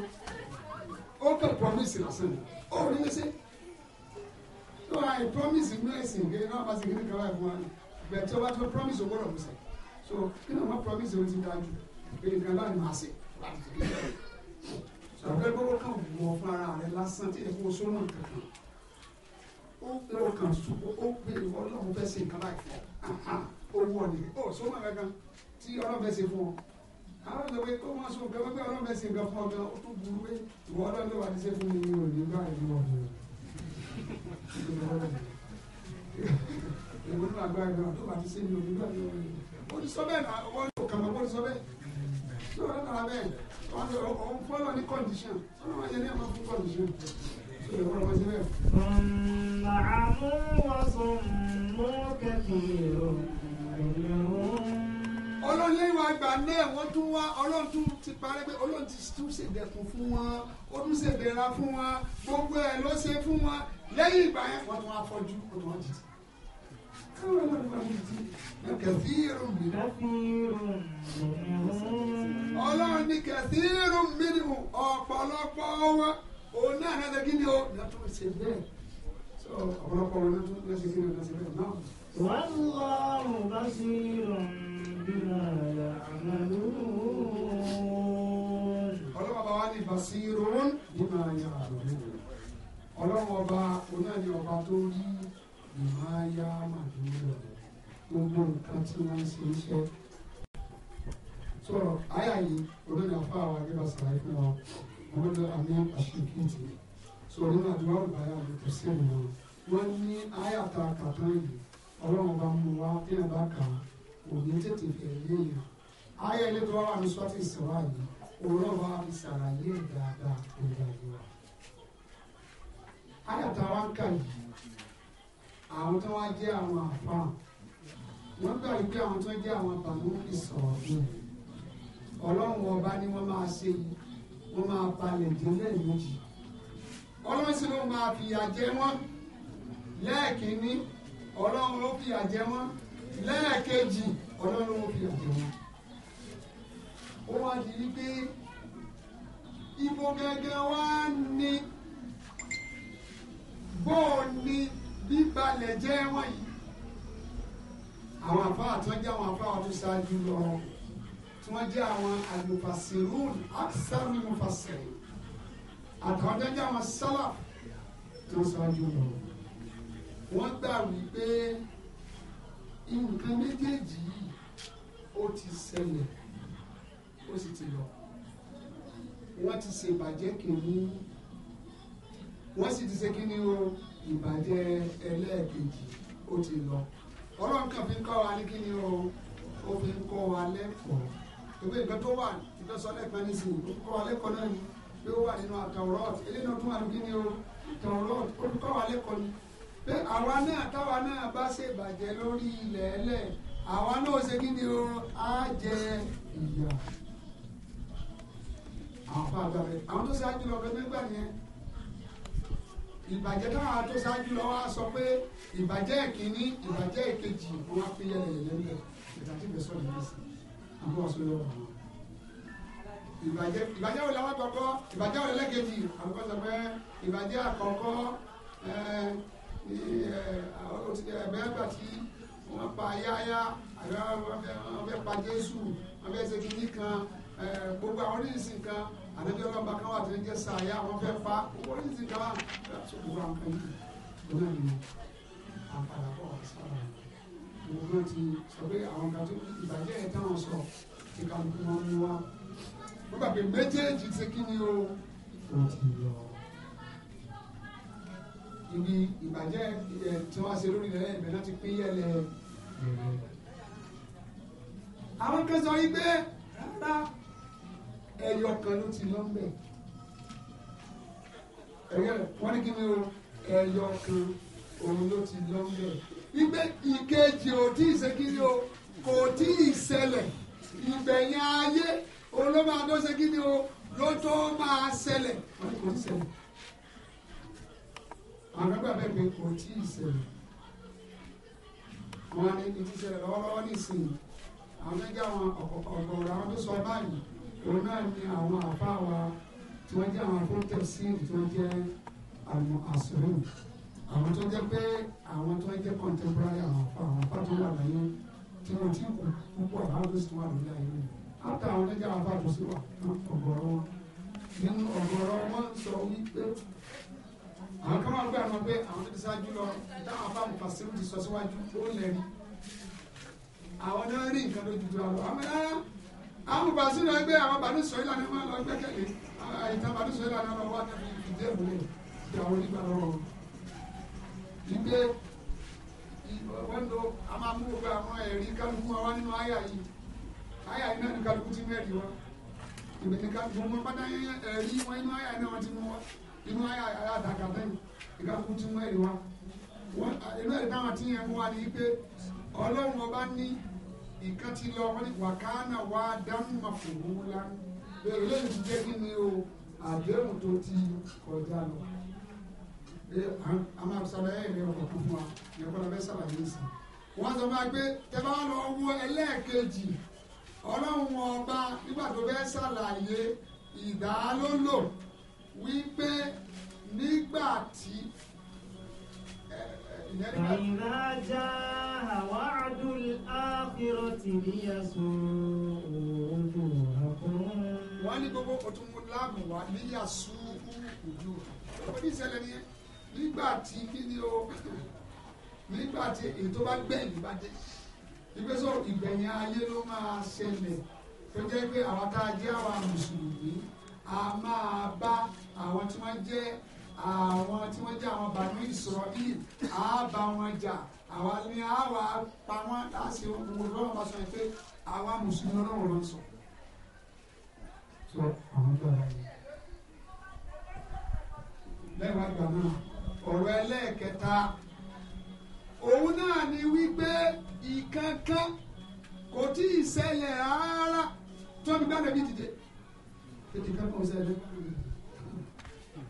ó kàn promise lásán ó rí lé sí àì promise ní ẹsìn náà bá ti gbé nǹkan báyìí fún wa bẹ́ẹ̀ tí ó bá ti promise owó rẹ musa so kí ni wọn promise ohun ti dájú pé nǹkan láì máa ṣe láti ṣe kí ni ọ̀rẹ́ gbọ́dọ̀ kàn wọ fún ara rẹ lásán tí ẹ ó ń pè ọkàn ṣùgbọ́n ó pè ọlọ́run fẹ́ ṣe nǹkan láì fún ọ owó ọ̀nì ó sọ́mọ́ kankan tí ọlọ́run fẹ́ ṣe fún ọ àwọn ọ̀sẹ̀ pé kó wọ́n sọ pé wọ́n pé ọlọ́run fẹ́ ṣe nǹkan fún ọ gan ó tún burú pé ìwọ ọlọ́run ló wà ní ṣe fún mi ò ní bá ìlú ọ̀dọ̀ ìwọ náà agbára ìlú ọ̀dọ̀ wà ní ṣe mi ò ní bá ìlú ọ̀dọ̀ ó ti sọ bẹ́ẹ̀ náà wọ́n lò kàmọ́ ó ti sọ bẹ́ẹ̀ ثم عموا وصموا كثير ọlọ́run lẹ́yìn àgbà náà wọ́n tún wá ọlọ́run tún ti parẹ́ pé ọlọ́run ti tún ṣèdẹ̀kùn fún wọn ó tún ṣèdẹ̀ra fún wọn gbogbo ẹ̀ ló ṣe fún wọn lẹ́yìn ìgbà yẹn wọ́n tún wá fọ́jú ó tún wá jìjì. kẹfìrún mi ọlọ́run ní kẹfìrún mi ọ̀pọ̀lọpọ̀ wọn òun náà náà ṣe kí ni ó náà tún ṣe ni ó náà ṣe bẹ́ẹ̀ náà. والله بصير بما يعملون ọlọ́wọ́ bá wá ní wọ́n sọ̀rọ̀ àyà fún wa wọ́n lọ àmì àṣekìtì so nínú àdúrà ọ̀bàyà mi kò sí ìmọ̀ wọ́n ní àyàtà kàtàn yìí ọlọ́run bá mú wa bí ẹ bá kà á òní tètè fẹ̀ léèyàn ayé ilé tó wà ní sọ́tì ìsọ̀rọ̀ yìí òwúrọ̀ wa fi ṣàlàyé dáadáa nígbà yìí wa. àyàtà wa ń kà yìí àwọn tó wá jẹ́ àwọn àfa wọ́n gbà wípé àwọn tó jẹ́ àwọn bàmú ìsọ̀rọ̀ yìí ọlọ́run ọba ni wọ́n máa ṣe yìí wọ́n máa balẹ̀ jẹ́ lẹ́ẹ̀mejì ọlọ́run sì ló máa fìyà jẹ wọ́n lẹ́ẹ̀kínní ọlọ́run ló fìyà jẹ wọ́n lẹ́ẹ̀kejì ọlọ́run ló fìyà jẹ wọ́n. ó wá di wípé ibo gẹ́gẹ́ wá ní bóò ní bíbalẹ̀ jẹ́ wọ́n yìí àwọn àfáà tó jẹ́ àwọn àfáà tó tí wọ́n jẹ́ àwọn àlùfàṣẹ́rùn àṣàmì mufàṣẹ́rùn àtàwọn jẹ́jẹ́ àwọn sálà tí wọ́n ṣáájú lọ. wọ́n gbà wípé nǹkan méjèèjì yìí ó ti ṣẹlẹ̀ ó sì ti lọ. wọ́n ti ṣe ìbàjẹ́ kìíní wọ́n sì ti ṣe kí o ìbàjẹ́ ẹlẹ́ẹ̀kejì ó ti lọ. ọlọ́run kan fi ń kọ́ wa ní kí o ó fi ń kọ́ wa lẹ́kọ̀ọ́ ìwé nǹkan tó wà ìjọ sọ lẹ́ẹ̀kan nísìnyí olùkọ́ wa lẹ́kọ̀ọ́ náà ni pé ó wà nínú àtàwọ̀rọ̀t eléyìí náà tún wà lókè ní o àtàwọ̀rọ̀t olùkọ́ wa lẹ́kọ̀ọ́ ni pé àwa náà táwa náà bá ṣèbàjẹ́ lórí ilẹ̀ ẹlẹ̀ àwa náà ṣe kí ni o á jẹ ìyà àwọn àgbàbẹ̀ àwọn tó ṣáájú lọ bẹ nígbà yẹn ìbàjẹ́ táwọn tó ṣáájú lọ wá sọ pé ìbàjẹ́ ìkíní ìbàjẹ́ ìkejì wọn á fi yẹlẹyẹlẹ ń bẹ ìdájí bẹ sọ̀rọ̀ yẹn sí i àmọ́ wà sórí ọ̀rọ̀ ìbàjẹ́ ìbàjẹ́ wò làwọn àkọ́kọ́ ìbàjẹ́ wò lẹ́lẹ́kejì àkọ́kọ́ sọ pé ìbàjẹ́ àkọ́kọ́ ẹ̀ẹ́dẹ́gbẹ̀rún àti wọ́n pa yáyá àwọn fẹ́ pa jésù wọ́n fẹ́ ṣe kínní kan gbogbo àwọn oníṣìí nǹkan àdébí ọlọ́ba kan wà tó ń jẹ́ sàáyá wọ́n fẹ́ pa gbogbo oníṣìí nǹkan wà tó gbogbo àwọn kan yìí lọ́nà ìlú àpàlàpọ̀ àti sọ̀rọ̀ òun náà ti sọ pé àwọn kan tó ìbàjẹ́ yẹn táwọn sọ ti kálukú wọn ní wá wọ́n gbà méjèèjì ti kí ni o wọ́n ti lọ. ibi ìbàjẹ́ ẹ̀ tí wọ́n ṣe lórí ilẹ̀ ìbẹ̀ náà ti pín yẹlẹ̀ àwọn kan sọ yí pé rárá ẹyọ kan ló ti lọ mbẹ ẹyọ wọn ní kí ni o ẹyọ kan òun ló ti lọ mbẹ wípé ìkejì ò tí ì ṣe kíni o kò tí ì ṣẹlẹ̀ ìgbẹ̀yìn ayé olóma tó ṣe kíni o ló tó máa ṣẹlẹ̀ wọ́n ní kò tí ì ṣẹlẹ̀ àwọn ẹgbẹ́ pé kò tí ì ṣẹlẹ̀ wọ́n ní ibi ṣẹlẹ̀ lọ́wọ́lọ́wọ́ nísìnyí àwọn ẹgbẹ́ àwọn ọ̀gọ̀ọ̀rọ̀ àwọn tó sọ báyìí òun náà ni àwọn àbá wa tí wọ́n jẹ́ àwọn afúntẹ̀sí tí wọ́n jẹ́ àwọn àṣírí àwọn tó jẹ́ pé àwọn tó jẹ́ contemporary àwọn pátó wà láyé tí wọ́n ti kú púpọ̀ àwọn tó sì wà lórí ayé rẹ̀ àtà àwọn oníjà àwọn pátó sì wà ọ̀gọ̀rọ̀ wọn nínú ọ̀gọ̀rọ̀ wọn sọ wípé àwọn kan máa ń gbé àwọn pé àwọn tó ti ṣáájú lọ táwọn afáàmù fàṣírù ti sọ síwájú ó lẹ́rìí àwọn náà rí nǹkan lójú tó àwọn àmì rárá àwọn bàṣí lọ gbé àwọn bàdó sọ ìlànà máa lọ gbẹ́kẹ̀lé àìtàn bàdó sọ ìlànà máa wà ní ìdí èbúlé onígbà lọ́wọ́ wípé ìwọ́ndo a máa mú gbogbo àwọn ẹ̀rí kálukú wa wá nínú àyà yìí àyà yìí náà ní kálukú ti mẹ́rin wa ìwé ní kálukú wọn pátá ẹ̀rí wọn inú àyà yìí náà wọ́n ti mú wa inú àyà àdàkà lẹ́yìn ìkálukú ti mẹ́rin wa inú ẹ̀rí táwọn ti yẹn mú wa ni wípé ọlọ́run ọba ní nǹkan ti lọ wọ́n ní wàkánà wá dánú màfòmúlá bẹ́ẹ̀ lóyún ti jẹ́ kí ni o àdéhùn tó ti kọjá lọ pé a máa ṣàlàyé ìrìn ọ̀rọ̀ kan fún wa ìyẹn kọ́ la fẹ́ ṣàlàyé ìsìn. wọ́n sọ máa gbé tẹ bá lọ wo ẹlẹ́ẹ̀kejì ọlọ́run ọba nígbà tó fẹ́ ṣàlàyé ìdálólò wípé nígbà tí فإذا جاء وعد الآخرة ليسوء وجوهكم wọ́n ní gbogbo òtún mú láàmú wá níyà sùúrù ojú oníṣẹ́lẹ̀ nìyẹn nígbà tí o nígbà tí èyí tó bá gbẹ̀yìn bá dé ìgbésọ̀ ìgbẹ̀yìn ayé ló máa ṣẹlẹ̀ tó jẹ́ pé àwọn tá a jẹ́ àwa mùsùlùmí a máa bá àwọn tí wọ́n jẹ́ àwọn tí wọ́n jẹ́ àwọn bàánú ìsọ̀rọ̀ yìí á bá wọn jà àwa ni á wà á pa wọ́n láti wọ́n lọ́wọ́ bá sọ yẹn pé àwa mùsùlùmí ọlọ́run ló ń sọ. lẹ́wọ̀n àgbà náà ọ̀rọ̀ ẹlẹ́ẹ̀kẹta òun náà ni wípé ìkankan kò tí ì ṣẹlẹ̀ rárá tí wọ́n fi gbá nàbí dìde ètò ìkankan ṣẹlẹ̀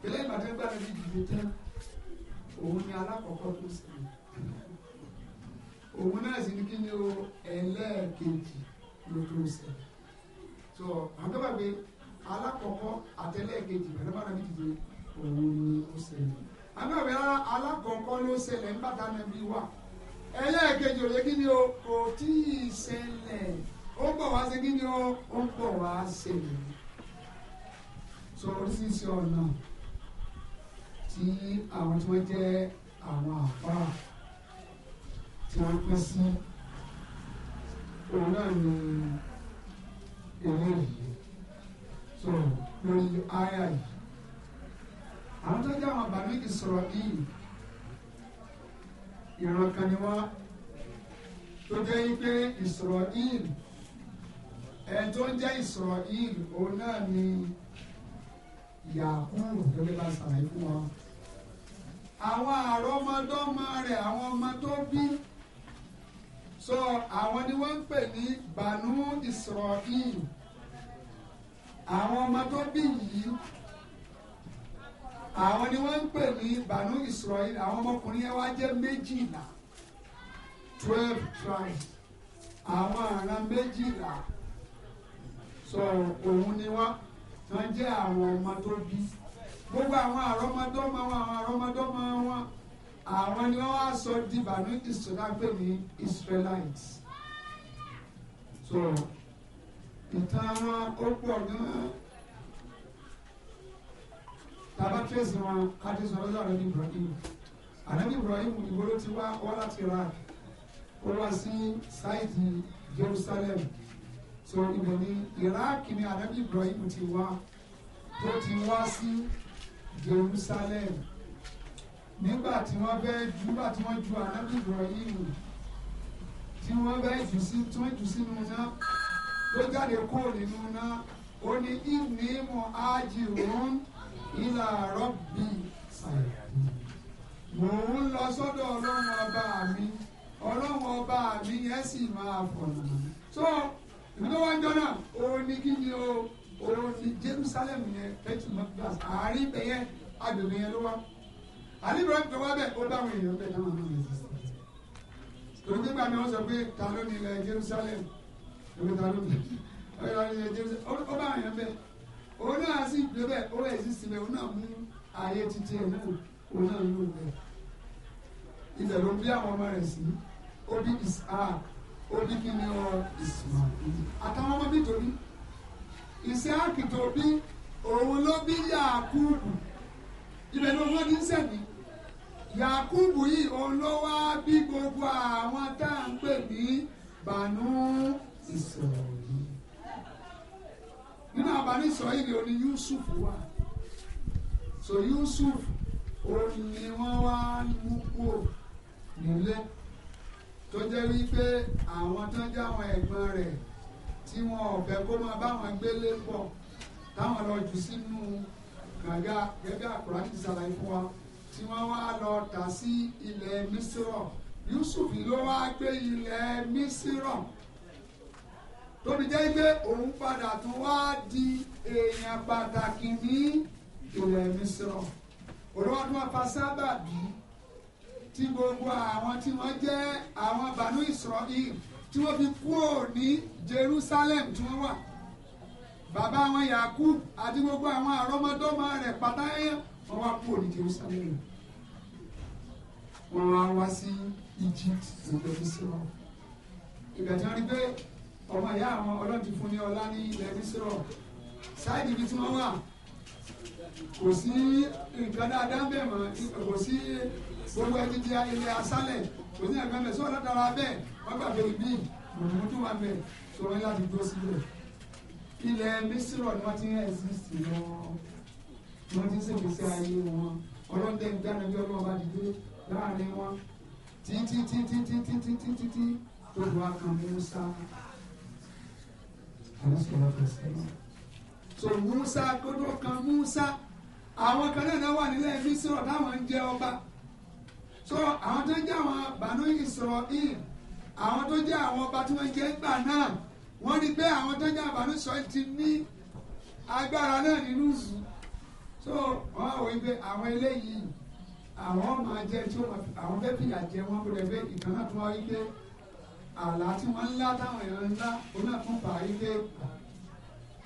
pẹ̀lẹ́ ìbàdàn gbá nàbí dìde tán òun ni alákọ̀ọ́kọ́ tó ṣẹlẹ̀ òun náà sì ní kí ni o ẹlẹ́ẹ̀kejì ló tó ṣẹlẹ̀ so àwọn tó bá gbé alákọ̀ọ́kọ́ àtẹlẹ́ẹ̀kejì pẹ̀lú bá nàbí dìde òun ni ó ṣẹlẹ̀ anábì alákọ̀ọ́kọ́ ló ṣẹlẹ̀ ń bàtà nàbí wà ẹlẹ́ẹ̀kejì òye kí ni o kò tí ì ṣẹlẹ̀ ó bọ̀ wá sí kí ni o ó bọ̀ wá ṣẹlẹ̀ so oríṣiríṣi ọ̀nà tí àwọn tí wọ́n jẹ́ àwọn àfa tí wọ́n pín sí òun náà ni eléyìí so lórí áyà yìí àwọn tó jẹ́ àwọn bàbá ìsọ̀rọ̀ yìí ìran kan ni wọ́n tó jẹ́ pé ìsọ̀rọ̀ yìí ẹni tó ń jẹ́ ìsọ̀rọ̀ yìí òun náà ni Yakubu tó lè bá ṣàlàyé fún wọn. àwọn àrọ́mọdọ́mọ rẹ̀ àwọn ọmọ tó bí so àwọn ni wọ́n ń pè ní Banu Israel àwọn ọmọ tó bí yìí àwọn ni wọ́n ń pè ní banu israel àwọn ọmọkùnrin yẹn wá jẹ́ méjìlá twelve tribes àwọn àràn méjìlá sọ òun ni wọ́n wọ́n jẹ́ àwọn ọmọ tó bí gbogbo àwọn àrọ́mọdọ́mọ wọn àwọn àrọ́mọdọ́mọ wọn àwọn ni wọ́n wá sọ di banu israel pè ní israelites so ìtàn wọn ó pọ̀ gan-an. Taba tírèsì wọn kájí sọ̀rọ̀ lọ́dọ̀ arabi Ibrahim arabi Ibrahim ìbò ló ti wá wá láti Iraq ó wá sí sáìtì Jerusalem so ibẹ̀ ni Iraq ni ànábì Ibrahim ti wá tó ti wá sí Jerusalem nígbà tí wọ́n bẹ́ nígbà tí wọ́n ju ànábì Ibrahim tí wọ́n bẹ́ jù sí tí wọ́n jù sínú náà ló jáde kúrò nínú náà ó ní ìní mọ̀ ájì ìlà rọ́bì sàyẹ̀dù mò ń lọ sọ́dọ̀ ọlọ́run ọba mi ọlọ́run ọba mi yẹn sì máa fọ̀nà so ìlú wa ń jọ náà òun ni kí ni o òun ni Jerusalem yẹn bẹ́tù mọ́tìlás àárín bẹ́ẹ̀ yẹn agbègbè yẹn ló wá àdìbò tó wá bẹ́ẹ̀ ó bá àwọn èèyàn bẹ́ẹ̀ náà ló tòun nígbà mi wọ́n sọ pé ta ló ní ilẹ̀ Jerusalem èmi ta ló ní ilẹ̀ Jerusalem ó bá àwọn èèyàn bẹ́ẹ̀ òun náà sì gbé bẹ́ẹ̀ ó rẹ̀ sí sílẹ̀ òun náà mú ààyè títí ẹ̀ mú òun náà ló bẹ̀. ibẹ̀ ló ń bí àwọn ọmọ rẹ̀ sí ó bí Isaac ó bí kí ni ọ Ismail ọmọ bí torí Isaac tó bí òun ló bí Yakubu ibẹ̀ ló wọ́n ti ń Yakubu yìí òun ló wá bí gbogbo àwọn tá à ń pè ní Banu Israeli nínú àbáni Ísírẹ́lì òní Yusuf wà so Yusuf òní wọ́n wá mú kúrò nílé tó jẹ́ wípé àwọn tó ń jẹ́ àwọn ẹ̀gbọ́n rẹ̀ tí wọn ọ̀bẹ kó máa báwọn gbélé pọ̀ táwọn lọ jù sínú gàgà gẹ́gẹ́ àkùrá ti ṣàlàyé fún wa tí wọ́n wá lọ tà sí ilẹ̀ Mísírọ̀ Yusuf ló wá gbé ilẹ̀ Mísírọ̀ tóbi jẹ́ pé òun padà tún wá di èèyàn pàtàkì ní ilẹ̀ Mísírọ̀ olówó tó máa fa sábàbí tí gbogbo àwọn tí wọ́n jẹ́ àwọn bànú Ísírẹ́lì tí wọ́n fi kúrò ní Jerusalem tí wọ́n wà bàbá àwọn Yakub àti gbogbo àwọn àrọ́mọdọ́mọ rẹ̀ pátáyà wọ́n wá kúrò ní Jerusalem wọ́n wá wá sí Egypt ìgbẹ́ Mísírọ̀ ìgbà tí wọ́n rí pé ọmọ ìyá àwọn ọlọ́dún fún ní ọlá ní ilẹ̀ mísírọ̀ sáìdì ibi tí wọ́n wà kò sí nǹkan dáadáa bẹ́ẹ̀ mọ́ kò sí gbogbo ẹni di ilẹ̀ asálẹ̀ kò sí nǹkan bẹ́ẹ̀ sí ọlọ́dara bẹ́ẹ̀ wọ́n gbàgbé ibi òun tó wà bẹ́ẹ̀ tó wọ́n láti dúró síbẹ̀ ilẹ̀ mísírọ̀ ni wọ́n ti ń ẹ̀sìsì lọ wọ́n ti ń ṣègbésí ayé wọn ọlọ́dẹ ń ọlọ́wọ́ bá dìde láàrin wọn títí títí títí títí títí tó wà kàn mú sáà so musa kodo kan musa àwọn kan náà wà nílẹ̀ misrọ̀ táwọn ń jẹ ọba so àwọn tó ń jẹ àwọn bànú ìsọ̀rọ̀ in àwọn tó jẹ àwọn ọba tí wọ́n jẹ gbà náà wọ́n rí pé àwọn tó jẹ àbánú sọ̀rọ̀ ti ní agbára náà nínú ìlú so wọ́n wọ ibi àwọn eléyìí àwọn máa jẹ tí àwọn fẹ́ fìyà jẹ wọ́n kó lè fẹ́ ìkànnà tó wá wípé àlá tí wọ́n ń lá táwọn èèyàn ń lá òun náà fún fàáyí pé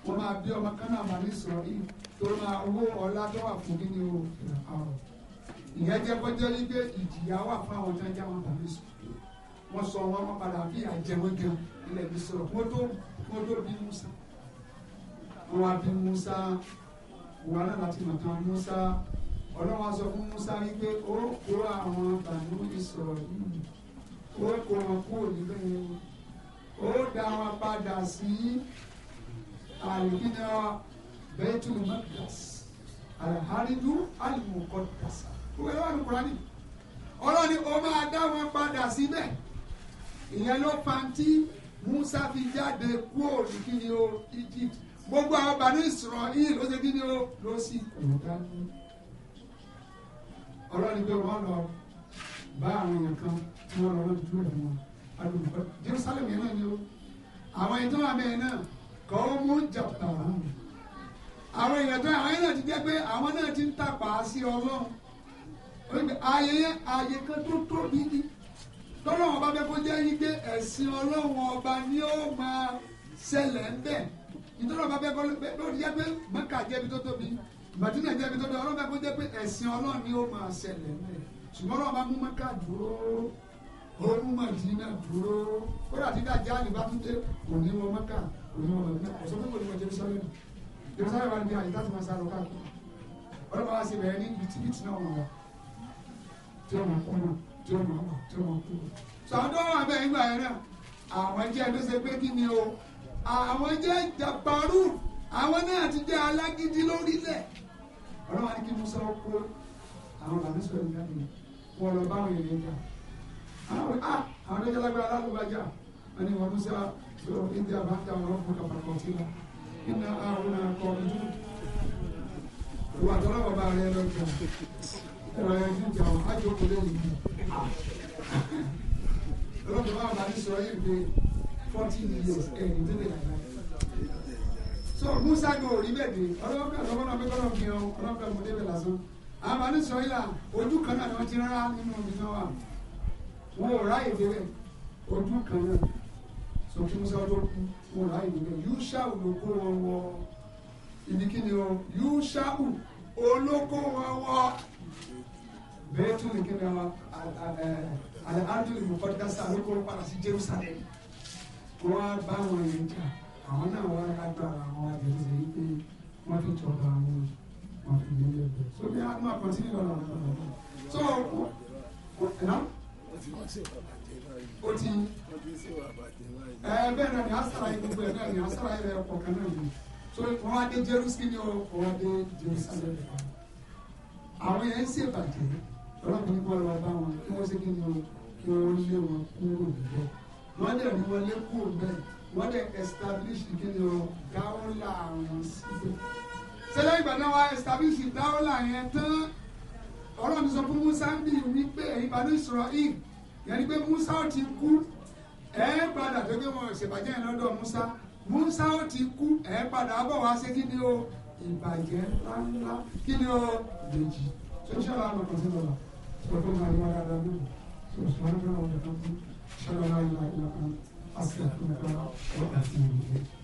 wọ́n máa bí ọmọ kan náà máa ní sọ̀rí tó máa owó ọlá tó wà fún kíni o àrùn ìyẹn jẹ́ kọjá wípé ìjìyà wà fún àwọn tó ń já wọn pàmí sùn wọ́n sọ wọn wọ́n padà bí àjẹwọ́n gan ilẹ̀ mi sọ̀rọ̀ wọ́n tó wọ́n tó bí Musa wọ́n wá bí Musa wọ́n náà láti mọ̀ tán Musa ọlọ́wọ́n sọ fún Musa wípé ó kó àwọn bàánú ìsọ̀rọ̀ yìí ó kó wọn kúrò níbẹ̀ yẹn ó dá wọn padà sí àìkíná bẹ́tùl mọ́kìdàs àlàhárìdú àlùmọ̀kọ́dàsà wọ́n wà ní kúránì ọlọ́ni ó máa dá wọn padà síbẹ̀ ìyẹn ló pantí Musa fi jáde kúrò ní o Egypt gbogbo àwọn bàánú Israel ló ṣe kíni o ló sì kúrò dání ọlọ́ni pé wọ́n lọ bá àwọn èèyàn kan tí wọ́n lọ lọ́dún dúró fún wọn alùpùpù Jerusalem yẹn náà ni ó àwọn ètò àmì náà kọ́ ó mú jàpùtà wọn àwọn èèyàn tó àwọn èèyàn ti jẹ́ pé àwọn náà ti ń tàpá sí Ọlọ́run ààyè yẹn ààyè kan tó tóbi ni tọ́lọ́wọ́n bá fẹ́ kó jẹ́ yí pé ẹ̀sìn Ọlọ́run ọba ni ó máa ṣẹlẹ̀ ń bẹ̀ ìtọ́lọ́wọ́n bá fẹ́ kó jẹ́ pé Mẹ́kà jẹ́bi tó tóbi Màdínà jẹ́bi tó tóbi Ọlọ́run fẹ́ kó jẹ́ pé ẹ̀sìn Ọlọ́run ni ó máa ṣẹlẹ̀ ń bẹ̀ ṣùgbọ́n náà bá mú mẹ́kà dúró olú màdínà dúró kódà tí dájá lè bá tún dé kò ní wọ mẹ́kà kò ní wọ mẹ́kà ọ̀sán tó kò ní wọ Jerusalem Jerusalem wà níbi àyè láti máa sáré káàkiri ọlọ́pàá wá sí ibẹ̀ ní bìtìbìtì náà wọ̀ wá tí wọ́n máa kú náà tí wọ́n máa wà tí wọ́n máa kú náà. sàdó wà bẹ́ẹ̀ nígbà yẹn náà àwọn jẹ́ ló ṣe pé kí ni o àwọn jẹ́ jàpárù àwọn náà ti jẹ́ alágídí lórílẹ̀ ọlọ́wà ní kí Musa ó kó àwọn làmísọ̀rọ̀ nígbà yẹn wọ́n lọ báwọn ènìyàn jà àwọn ah àwọn ẹgbẹ́ lágbára alágbèbájà wọn ni wọn ah, ń sá lọ ìdí àbájá wọn fún kàpàkọ̀ sí wọn iná àwọn akọ ojú ìwà tó lọ́wọ́ bá rẹ lọ jà ẹ̀rọ ẹ̀ ń jà wọn á jẹ́ òkú lẹ́yìn mi ọlọ́dún bá wà ní sọ yìí pé fourteen years ẹ̀yìn tó lè yàrá so musa gbòòrí bẹ́ẹ̀ dé ọlọ́pàá lọ́wọ́ náà pé kọ́nà fi hàn ọlọ́pàá mọ̀ débẹ̀ lásán àbáni sọ̀yìnlá ojú kan náà ni wọ́n ti rárá nínú ìná wa wọn ò ráyè débẹ̀ ojú kan náà sọ kí musa tó kú wọn ò ráyè débẹ̀ yóò ṣáà ló kó wọn wọ ibikíni o yóò ṣáà olóko wọn wọ bẹ́ẹ̀ tún ní kíni ọ eh, eh, alihadulayi mọ̀kọ́dásá ló kó padà sí Jerusalem wọn á bá wọn yẹn jà àwọn náà wọn á gbà àwọn àgbẹ̀rẹ̀ yìí pé wọ́n fi jọba àwọn yìí. So we are not continuing on. So, now, o ti ẹ bẹ́ẹ̀ náà ni asara yìí gbogbo ẹ bẹ́ẹ̀ ni asara yìí rẹ ọkàn náà yìí so wọn adé Jerusalem o wọn adé Jerusalem àwọn yẹn ń ṣèbàjẹ́ ọlọ́pàá nípa ọlọ́pàá bá wọn kí wọ́n ṣe kí kí wọ́n lé wọn kúrò níbẹ̀ wọ́n dẹ̀ ní wọ́n lé kúrò bẹ́ẹ̀ wọ́n dẹ̀ establish kí o dáwọ́ là àwọn síbẹ̀ sẹ́lẹ̀ ìgbà náà wá establish dáwọ́là yẹn tán ọ̀rọ̀ mi sọ fún Musa ń bì wípé ẹ̀yin Bani Israel yẹn ni pé Musa ó ti kú ẹ̀ padà tó gbé wọn ṣèbàjẹ́ yẹn lọ́dọ̀ Musa Musa ó ti kú ẹ̀ padà bọ̀ wá ṣe kí ni o ìbàjẹ́ ńláńlá kí ni o lèjì tó ṣe ọ̀la àmọ̀ tọ́sí lọ́la tó tó máa yọ ara lónìí tó sọ wọn náà wọn lè tó kú ṣẹlẹ̀ láyé láyé lọ́kàn á sì àtúntò ọ̀la àti ìrìnlẹ̀.